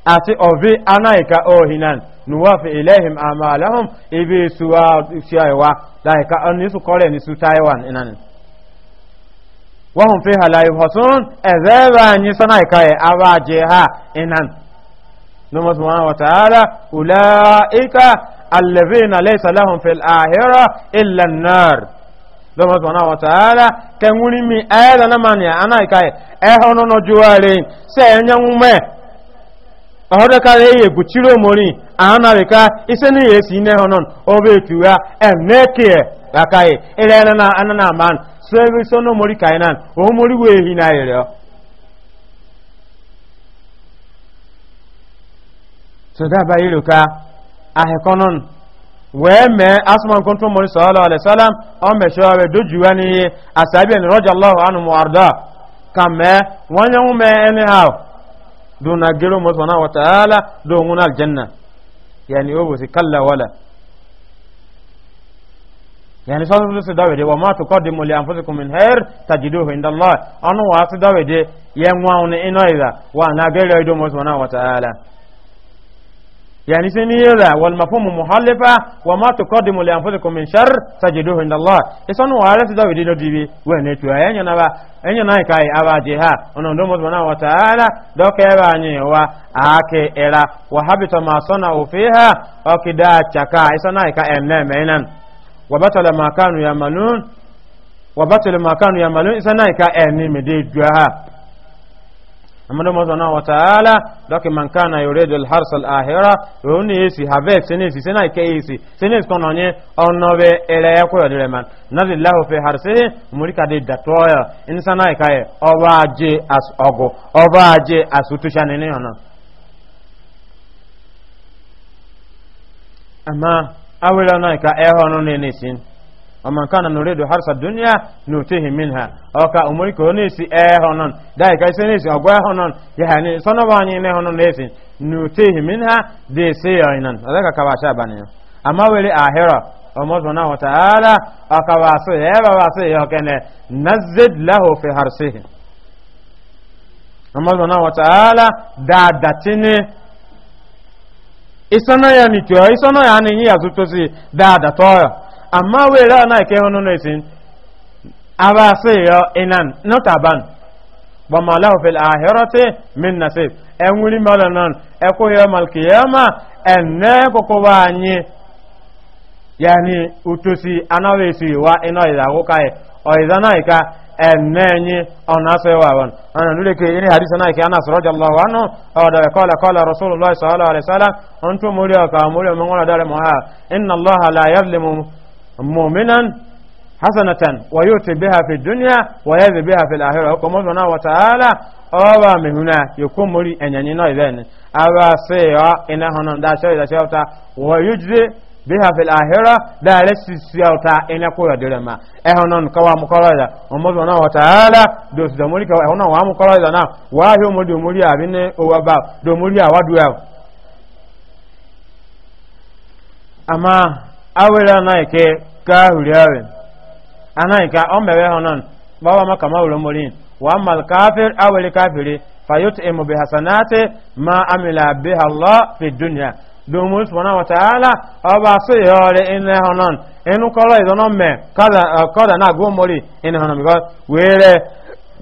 Speaker 1: ati ovi anaika ohinan nuwafi ilehim amalahum ibi suwa siyawa laika anisu kore ni su taiwan inan wahun fiha la yuhsun azaba ni sanaika e awaje ha inan numu subhanahu wa ta'ala ulaika alladhina laysa lahum fil akhirah illa an-nar lọ́mọ sọ̀nà wọ̀tàálà kẹwùn mi ẹ̀ẹ́dọ̀ náà mà ní àná ẹ̀ ẹ̀hónú náà juwárẹ̀ sẹ́yìn yẹn ń mẹ́ ọ̀họ́dọ́ kára èyí ègù chíró mọ́rí ní èsì iná ọ̀nàn ọ̀bẹ̀ ìtura ẹ̀mẹ́kẹ̀ ẹ̀ kàkàyè ilẹ̀ ẹ̀nà àmàn sẹ́rí sọ́nà mọ́rí kainan òun mọ́rí wo èyí náà rẹ̀ sọdábà ìrùka ahẹ́kọ́nọ́n wẹ́ẹ́ mẹ́ asọ́mọ́n kọ́ńtò mọ́rí sọ́ọ́lọ́ دون أجر سبحانه وتعالى دون الجنة يعني أبوسي كلا ولا يعني صلى الله عليه وسلم وما تقدموا لأنفسكم من خير تجدوه عند الله أنه واسي داوي دي يموان إنو إذا وأنا أجر سبحانه وتعالى يعني سنيرا والمفهوم محلفة وما تقدم لأنفسكم من شر تجدوه عند الله إسانو وارث داوي دي دي ونيتو أين نبا أين نايكا أبا جها أنو دوم سبحانه وتعالى دوك أبا نيوا أكي إلا وحبط ما صنعوا فيها أكدا تشكا إسانايكا أنمينا وبطل ما كانوا يعملون وبطل ما كانوا يعملون إسانايكا أنمي دي جها amadu mɔ sɔnna wa taala dɔki man kan na yore dol harsal ahira o ni esi habe senesi sena ike esi senesi kɔnɔ nye ɔnɔ bɛ ɛlɛya koyɔ de rɛman nabi lahu fi harse muri ka di datɔya insana ika ye ɔba je as ɔgo ɔba je asutusha ne ne yɔnɔ. amma awira na ika ɛhɔnu ne ne sin. ومن كان نريد حرس الدنيا نؤتيه منها او كا عمري كونيسي اهونن داي كايسنيسي اغوهونن يعني سنواني نهونن ليسي نؤتيه منها دي سيينن هذا كباشا بني اما ولي اخره ọmọ sọ̀nà wọ̀tàálà ọkàwàsí ẹ̀bàwàsí ọ̀kẹ́nẹ̀ nazid láhò fi harsihi ọmọ sọ̀nà wọ̀tàálà dáadáti ní ìsọ́nà yà nìtò ìsọ́nà yà ní yíyà tó tó sí dáadátọ́yọ̀ amma were na ke hono no isin aba se yo inan not aban wa ma lahu fil ahirati min nasib enwuri mala non e ko yo mal qiyama enne ko ko wanyi yani utusi anawe wa ina ila ko kai o izana ika enenyi ona se wa won ana nule ke ini hadisa na ke anas radiyallahu anhu aw da qala qala rasulullah sallallahu alaihi wasallam antum muri ka muri mangala dare mo inna allaha la yadlimu مؤمنا حسنة ويؤتي بها في الدنيا ويذي بها في الآخرة وكما سبحانه وتعالى أبا من هنا يكون مري أن ينينا إذن أبا سيئا إنا هنا دا شيء دا شيء ويجزي بها في الآخرة دا لسي سيئا إنا كوية دلما إهنا كوا مقرأة وما سبحانه وتعالى دوس دمولي كوا إهنا ومقرأة نا واهي مدو مولي أبين أوابا دو مولي أوادو أما أولا نايكي kahuriyawen ana o on mewe honon baba maka mawlo molin wa amal kafir awali kafiri fayut'imu bi hasanati ma amila biha Allah fi dunya domin subhanahu wa ta'ala ọba so yọrẹ inú ẹhọ náà inú kọlọ ìdáná mẹ kọdà náà gbọmọlì inú ẹhọ náà because wẹrẹ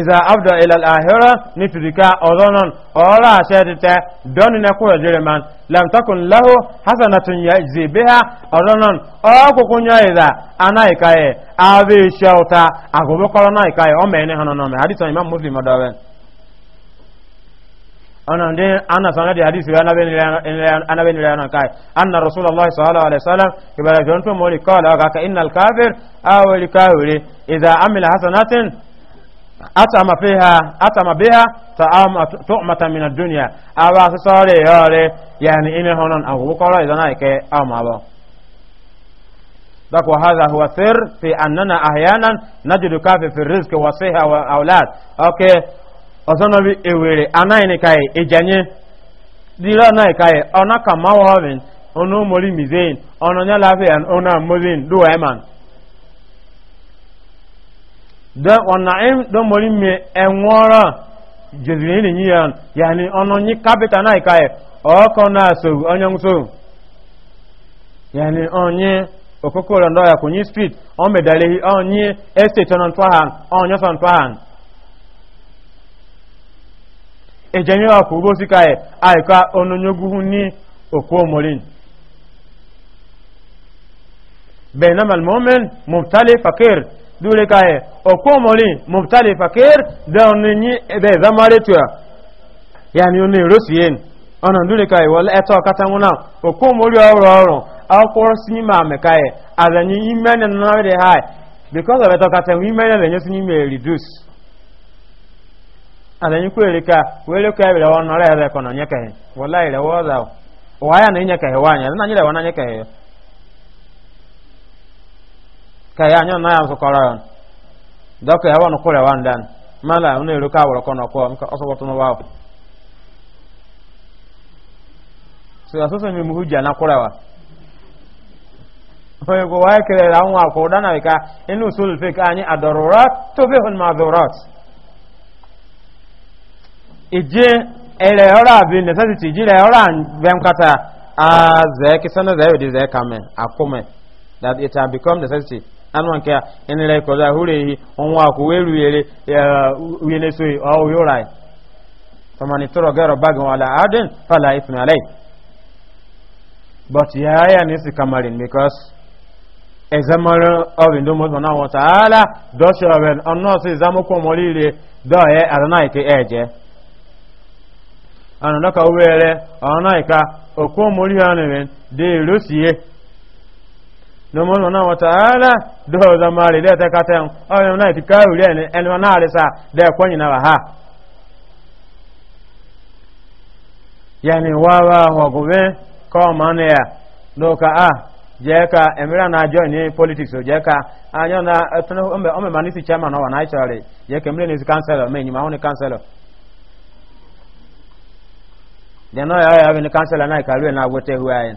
Speaker 1: iza abdo ilal ahira ni tudika odonon ora shedite doni na kuwa jireman lam takun lahu hasanatun yajzi biha odonon o kukunya iza anaikaye abi shauta agobo korona ikaye o mene honono me hadith imam muslim odawen ana ndin ana sanadi hadisi wa anabi ni lana kai anna rasulullah sallallahu alaihi wasallam kibara jonto moli kala ka innal kafir aw al kafir idha amila hasanatin atama fiha atama biha ta am tu'mata min ad-dunya awa sare yare yani ina honon awu kora idan ayke amalo dak wa hadha huwa sir fi annana ahyanan najidu kafi fi rizq wa siha wa oke okay ozono bi ewere anai ne kai ejanye dira nai kai onaka mawavin onu mori mizen ononya lafe an ona mozin duwa eman da wannan don mori mai enwara jirgin ne yi yan yani onon yi kapita na ikaye ọkọ na so onye nso yani onye okoko rando ya kunyi street o medale hi onye estate ọnọ ntọ ha onye sọ ntọ ha ejenye ọkọ ugbo si kaye aika onye ogwuhu ni okwo morin بينما المؤمن مبتلي فقير dure kaye okomori mubtali fakir da onenyi da zamare tuya yani onne rosiyen ona dure kaye wala eto katanguna ọrụ oro oro sinima me kaye azanyi imene na re hai because of eto katan imene le nyesu imene reduce kwere ka wele ka re re kono wala na na ka ya na ya nsokoro yon doka ya wonu kure wan dan mala una iru ka woro kono ko nka osobo tunu wa so ya soso mi muhuja na kure wa oye ko waye kere la nwa ko dana ka inu usul fik anyi adarurat tubihu almadhurat ije ere ora bi necessity jire ora venkata a zeki sana zewe di zeka me akume that it has become necessity anụmanụ nke enere kọzọ ahụrụ ehi ọnwa akwụ wee ya uye na-esoghị ọhụrụ ụra famani tọrọ gẹrọ bagi wọn ala adin fala ifin alai but ya ya ni si kamarin because ezamara ọbin domo zọ náà wọn tààlà dọ́ṣọ ọbẹn ọ̀nà sí ìzámọ́kọ̀ mọ́lẹ́rẹ́ dọ́ọ̀yẹ eje. ìké ẹ̀jẹ̀ ọ̀nà lọ́kà wẹ́rẹ́ ọ̀nà okwu òkú mọ́lẹ́rẹ́ dị ìrósìyẹ́ nomol mana wa ta'ala do da mari da ta katan ayo na ti ka ure ne en na alisa da kwani na ha yani wawa wa gobe ko mana ya do ka a ah, je ka emira na join ni politics o je ka anyo ah, na etno eh, o me manisi chairman na wa na chare je ka emira ni councilor me nyima oni councilor je no ya ya ni councilor na ka ruwe na gote huwa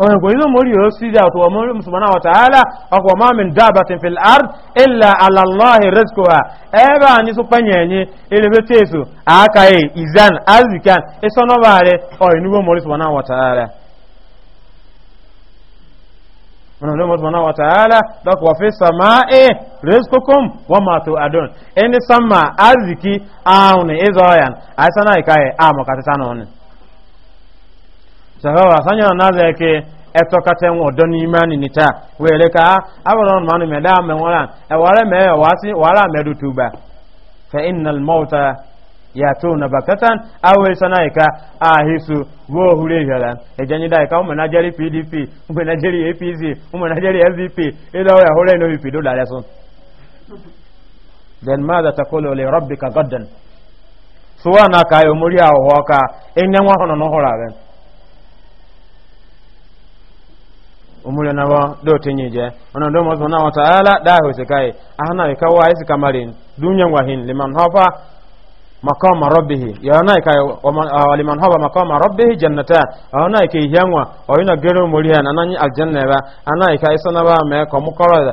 Speaker 1: ومن قيدو موري يوسيدا وتوامر سبحانه وتعالى اكو ما من دابة في الارض الا على الله رزقها ايبا ني سو بانيني الى بتيسو اكاي اذان ازكان اسونو باري او ينو موري سبحانه وتعالى ọ̀nà lọ́mọ tó náà wàtàálà lọ́kọ̀ wàfẹ́ sàmá ẹ̀ rẹ́sìkòkòm wọ́n máa tó àdùn ẹni sàmà àzìkí àrùn ìzọ̀ọ̀yàn àìsàn náà ìkáyẹ̀ àmọ̀kàtẹ́sánà ọ̀nà sababu asanya na naza ke eto kata do ni imani nita wele ka abron manu me da me wala e wala me e wasi wala me dutuba fa innal mauta yatuna bakatan awe sanaika e ahisu wo hure jala e da dai e ka umena pdp umena apc umena jeri sdp ila wa hure no ipi umuri na ba do tinye je ona do mo na wa taala da ho se kai ahna e kawa isi kamarin dunyan wahin liman hafa maqama rabbih ya na kai wa liman hafa maqama rabbih jannata ona ke yanwa oyina gero muri na nani aljanna ba ana kai sana ba me ko mukoro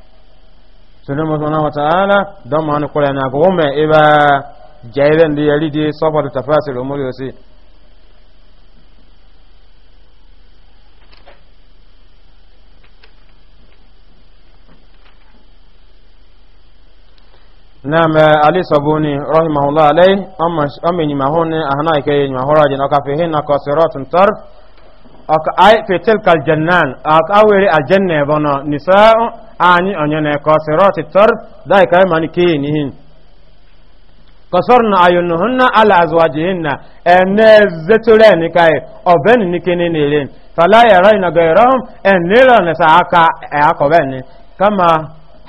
Speaker 1: sunan masana wa ta'ala don ma'ana kula na ga wame iba jairen da yari da sofar tafasir umar yasi نعم علي صبوني رحمه الله عليه أما أمي مهوني أهنا كي مهورا جن أكفيهن قصيرات طرف أك أي في تلك الجنان أك أوري الجنة بنا نساء ani onye na ko sirati dai kai mani kini ni hin kasorna ayunuhunna ala azwajihinna ene zeture ni kai oben ni kini ni len fala yarayna gairahum enira na sa aka e akobeni kama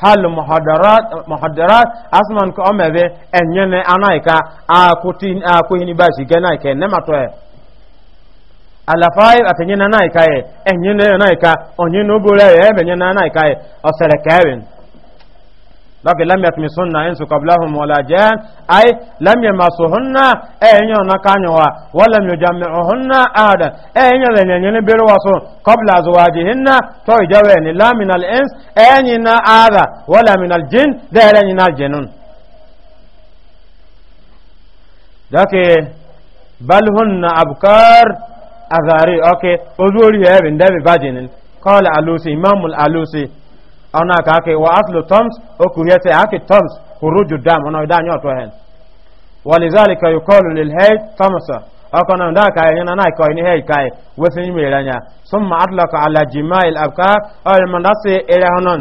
Speaker 1: hal muhadarat muhadarat asman ko omebe enyene anaika akutin akuhini bashi kenai kenema toe alafai atenye na naika ye enye eh, na naika onye no bore ye ebenye na naika ye osere kevin lakin lam yatmisunna insu qablahum wala jan ay lam yamasuhunna enye na kanyowa wala yujammi'uhunna ahada enye le nyenye ne bere waso qabla azwajihinna to ijawe ni la min al ins enye na ada wala min al jin da enye na jinun dake bal abkar azari oke ozuori ya ebe ndebe bajinin kọla alusi imamul alusi ọna ka ake wa aslu toms okuhete ake toms huruju dam ọna ida anyọ ọtọhen walizalika yukọlu lilhej tomsa ọkọ na ndaka ẹni na naikọ ẹni hej kai wesin yi mere anya summa atlaka ala jimail abka ọyọ man dasi ere hanon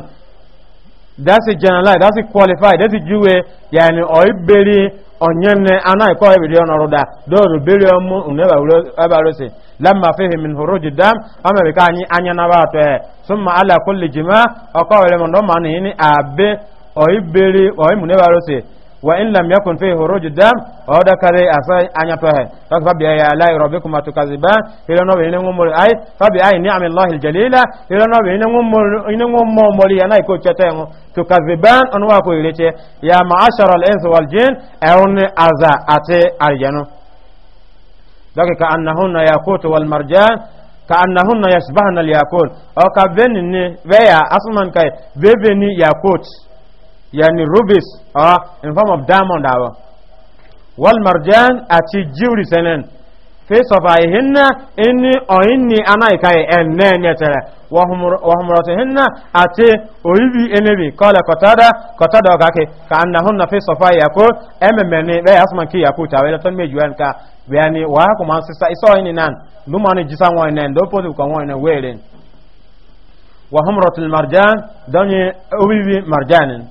Speaker 1: dasi generalize dasi qualify dasi juwe yani ọyiberi onyenne ana ikọ ibidi ọnụ ọrụ da dọọdụ beri ọmụ unebarosi lamma fihi min huruji dam ọmọ ka anyị anya na atọ ya e. summa ala kulli jima ọkọ were mọ ndọ ma na ini abe oyi beri oyi munebarosi وإن لم يكن فيه هروج الدم أو ذكري أساي أن يتوه فبي أي آلاء ربكما تكذبان إلى نوب إن أمور أي فبي أي نعم الله الجليلة إلى نوب إن أمور إن أمور أنا يكون تتين تكذبان أن واكو إليتي يا معشر الإنس والجن أون أذا أتي أرجانو ذلك كأنهن ياقوت والمرجان كأنهن يشبهن الياقوت أو كبني بيا أصلا كي بيني ياقوت yani rubies or in form of diamond awo wal marjan ati jiwri senen fi safaihinna inni ohinni anaika enne nyetere wahumuratihinna ati oyibi enebi kala kotada kotada okake ka annahunna fi safai yako ememeni be asman ki yako tawele ton mejuan ka yani wa ko man sisa iso ini nan numani jisa won nen do potu ko won nen weren wahumratul marjan dani oyibi marjanin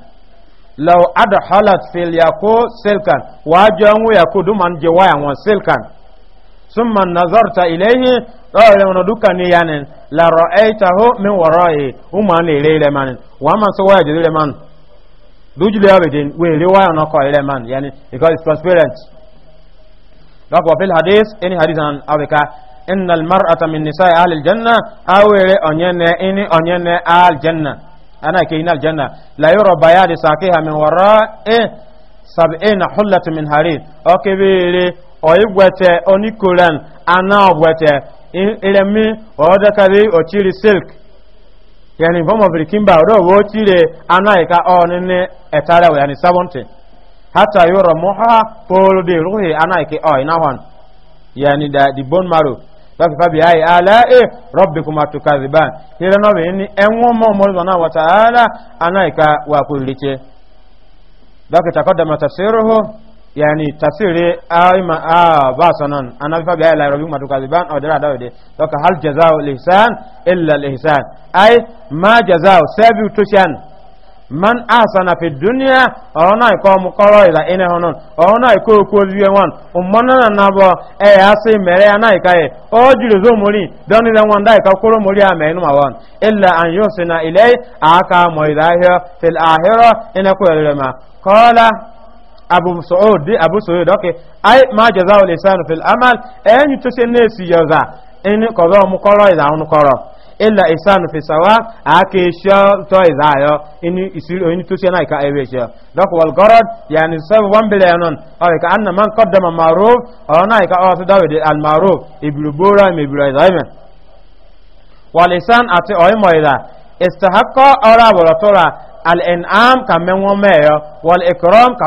Speaker 1: law adhalat fil yaqu silkan wa jangu yakudu man jawaya wa silkan summa nazarta ilayhi dawle wono dukani yanen la ra'aytahu min wara'i umman ilayhi man wa man sawaya jidile man dujile abedin we riwaya no ko ile man yani because it's transparent dok wa fil hadith any hadith an abeka innal mar'ata min nisa'i ahli al-janna awere onyene ini onyene al-janna ana ke inal janna la yoro bayadi sakiha min wara e sab'ina hullatu min harid o ke bere o igwete oni koran ana ogwete iremi o da kare o chiri silk yani form of rikimba o wo chire ana ka o nene etara we yani 70 hatta yoro muha polo de ruhi ana ke o ina di bone marrow فكفى بأي آلاء ربكما تكذبان إذا نبيني أنو مؤمن سبحانه وتعالى أنايك وكل شيء لكن تقدم تفسيره يعني تفسير آيما آه باسنا أنا فكفى بأي آلاء ربكما تكذبان أو دلا داودي لك هل جزاء الإحسان إلا الإحسان أي ما جزاء سبب تشان man asana fi dunya ọ̀nà ikọ̀ mukọrọ ìlà iná hànán ọ̀nà ikọ̀ okú oríire wọn ọmọdé náà nàbọ ẹ yà á sí mẹrẹ aná ìka yẹ ó jùlọ zó mórí dánilẹ wọn dá ìka kúrò mórí àmẹ inú àwọn ilẹ̀ àyùn sinà ilẹ̀ àáka mọ̀ ìlà ahírọ̀ fìl ahírọ̀ iná kú abu sa'ud di abu sa'ud dọ́kẹ́ ayé ai ma olè amal illa isanu fi sawa a ke to izayo inu isiru inu to sena ka ewe sho dok wal garad yani sab wan bile non o ka anna man qaddama ma'ruf o na ka o to dawidi al ma'ruf ibru bora me ibru izaimen wal isan ati o mo ida istahaqqa ara wala tora al in'am kamen wo meyo wal ikram ka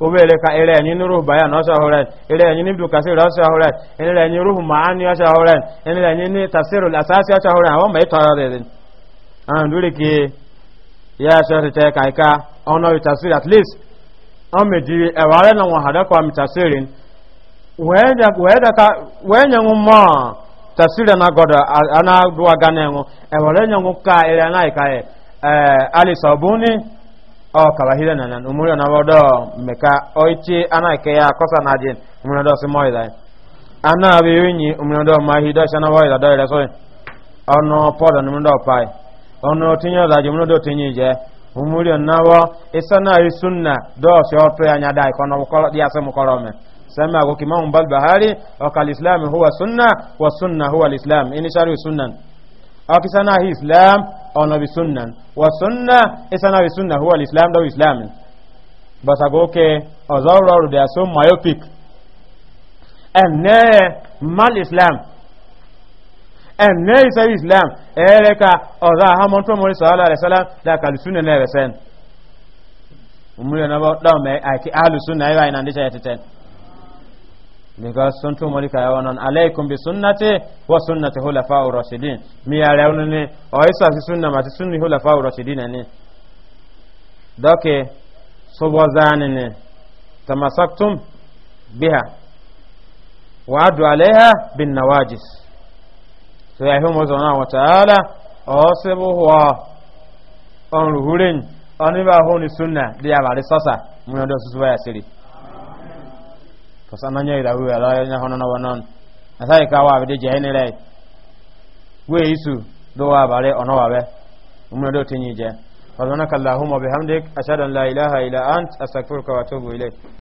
Speaker 1: obele ka ele enyi nuru na ọsọ horen ele enyi nibdu kasir ọsọ horen ele enyi ruhu maani ọsọ horen ele enyi ni tafsir asasi ọsọ horen àwọn mai tọrọ de din an duri ki ya sọ ka tẹ kaika ọnà tafsir at least an mi diri na wọn hada kwa mi tafsirin wẹ́ẹ́ nyẹ wọn mọ́ tafsir na gọdọ ana duwa gana ẹwọn ẹwàrẹ nyẹ wọn ka ele anayi ka ẹ eh, alisabuni ọ oh, kaba hira na na bodo meka oh, ana ke ya kosa na jin umuri do simo ida ana bi yinyi umuri do ma hida shana do ida so ono podo ni mundo pai ono tinyo da ji mundo tinyi je na isana sunna do si oto ya nyada ko no ko ya se mu koro sema ko bal bahari wa oh, kal islam huwa wa sunna huwa al akisana hi islam ona bi sunnan wa sunna isana bi sunna huwa islam da islam basagoke ozoro they are so myopic and ne mal islam and ne isa islam ereka eh, oza ha mon to mori sallallahu alaihi wasallam da kal sunna ne wesen umuri na ba da aki ahlus sunna ina ndisha yateten because sun tu mori kaya wannan alaikum bi sunnati wa sunnati hulafa'ur rashidin mi ya raunu ne o isa fi sunna ma sunni hulafa'ur rashidin ne doke so wazani ne tamassaktum biha wa adu alaiha bin nawajis so ya humo zona wa ta'ala o se wa on ruhurin oni ba honi sunna dia ba risasa mun do su ya siri fasananya ida wiwe ala yanya hono na wanon asai ka wa bide je ni rai we isu do wa bare ono wa be umna do tinyi je subhanakallahumma bihamdik ashhadu an la ilaha illa ant astaghfiruka wa atubu ilayk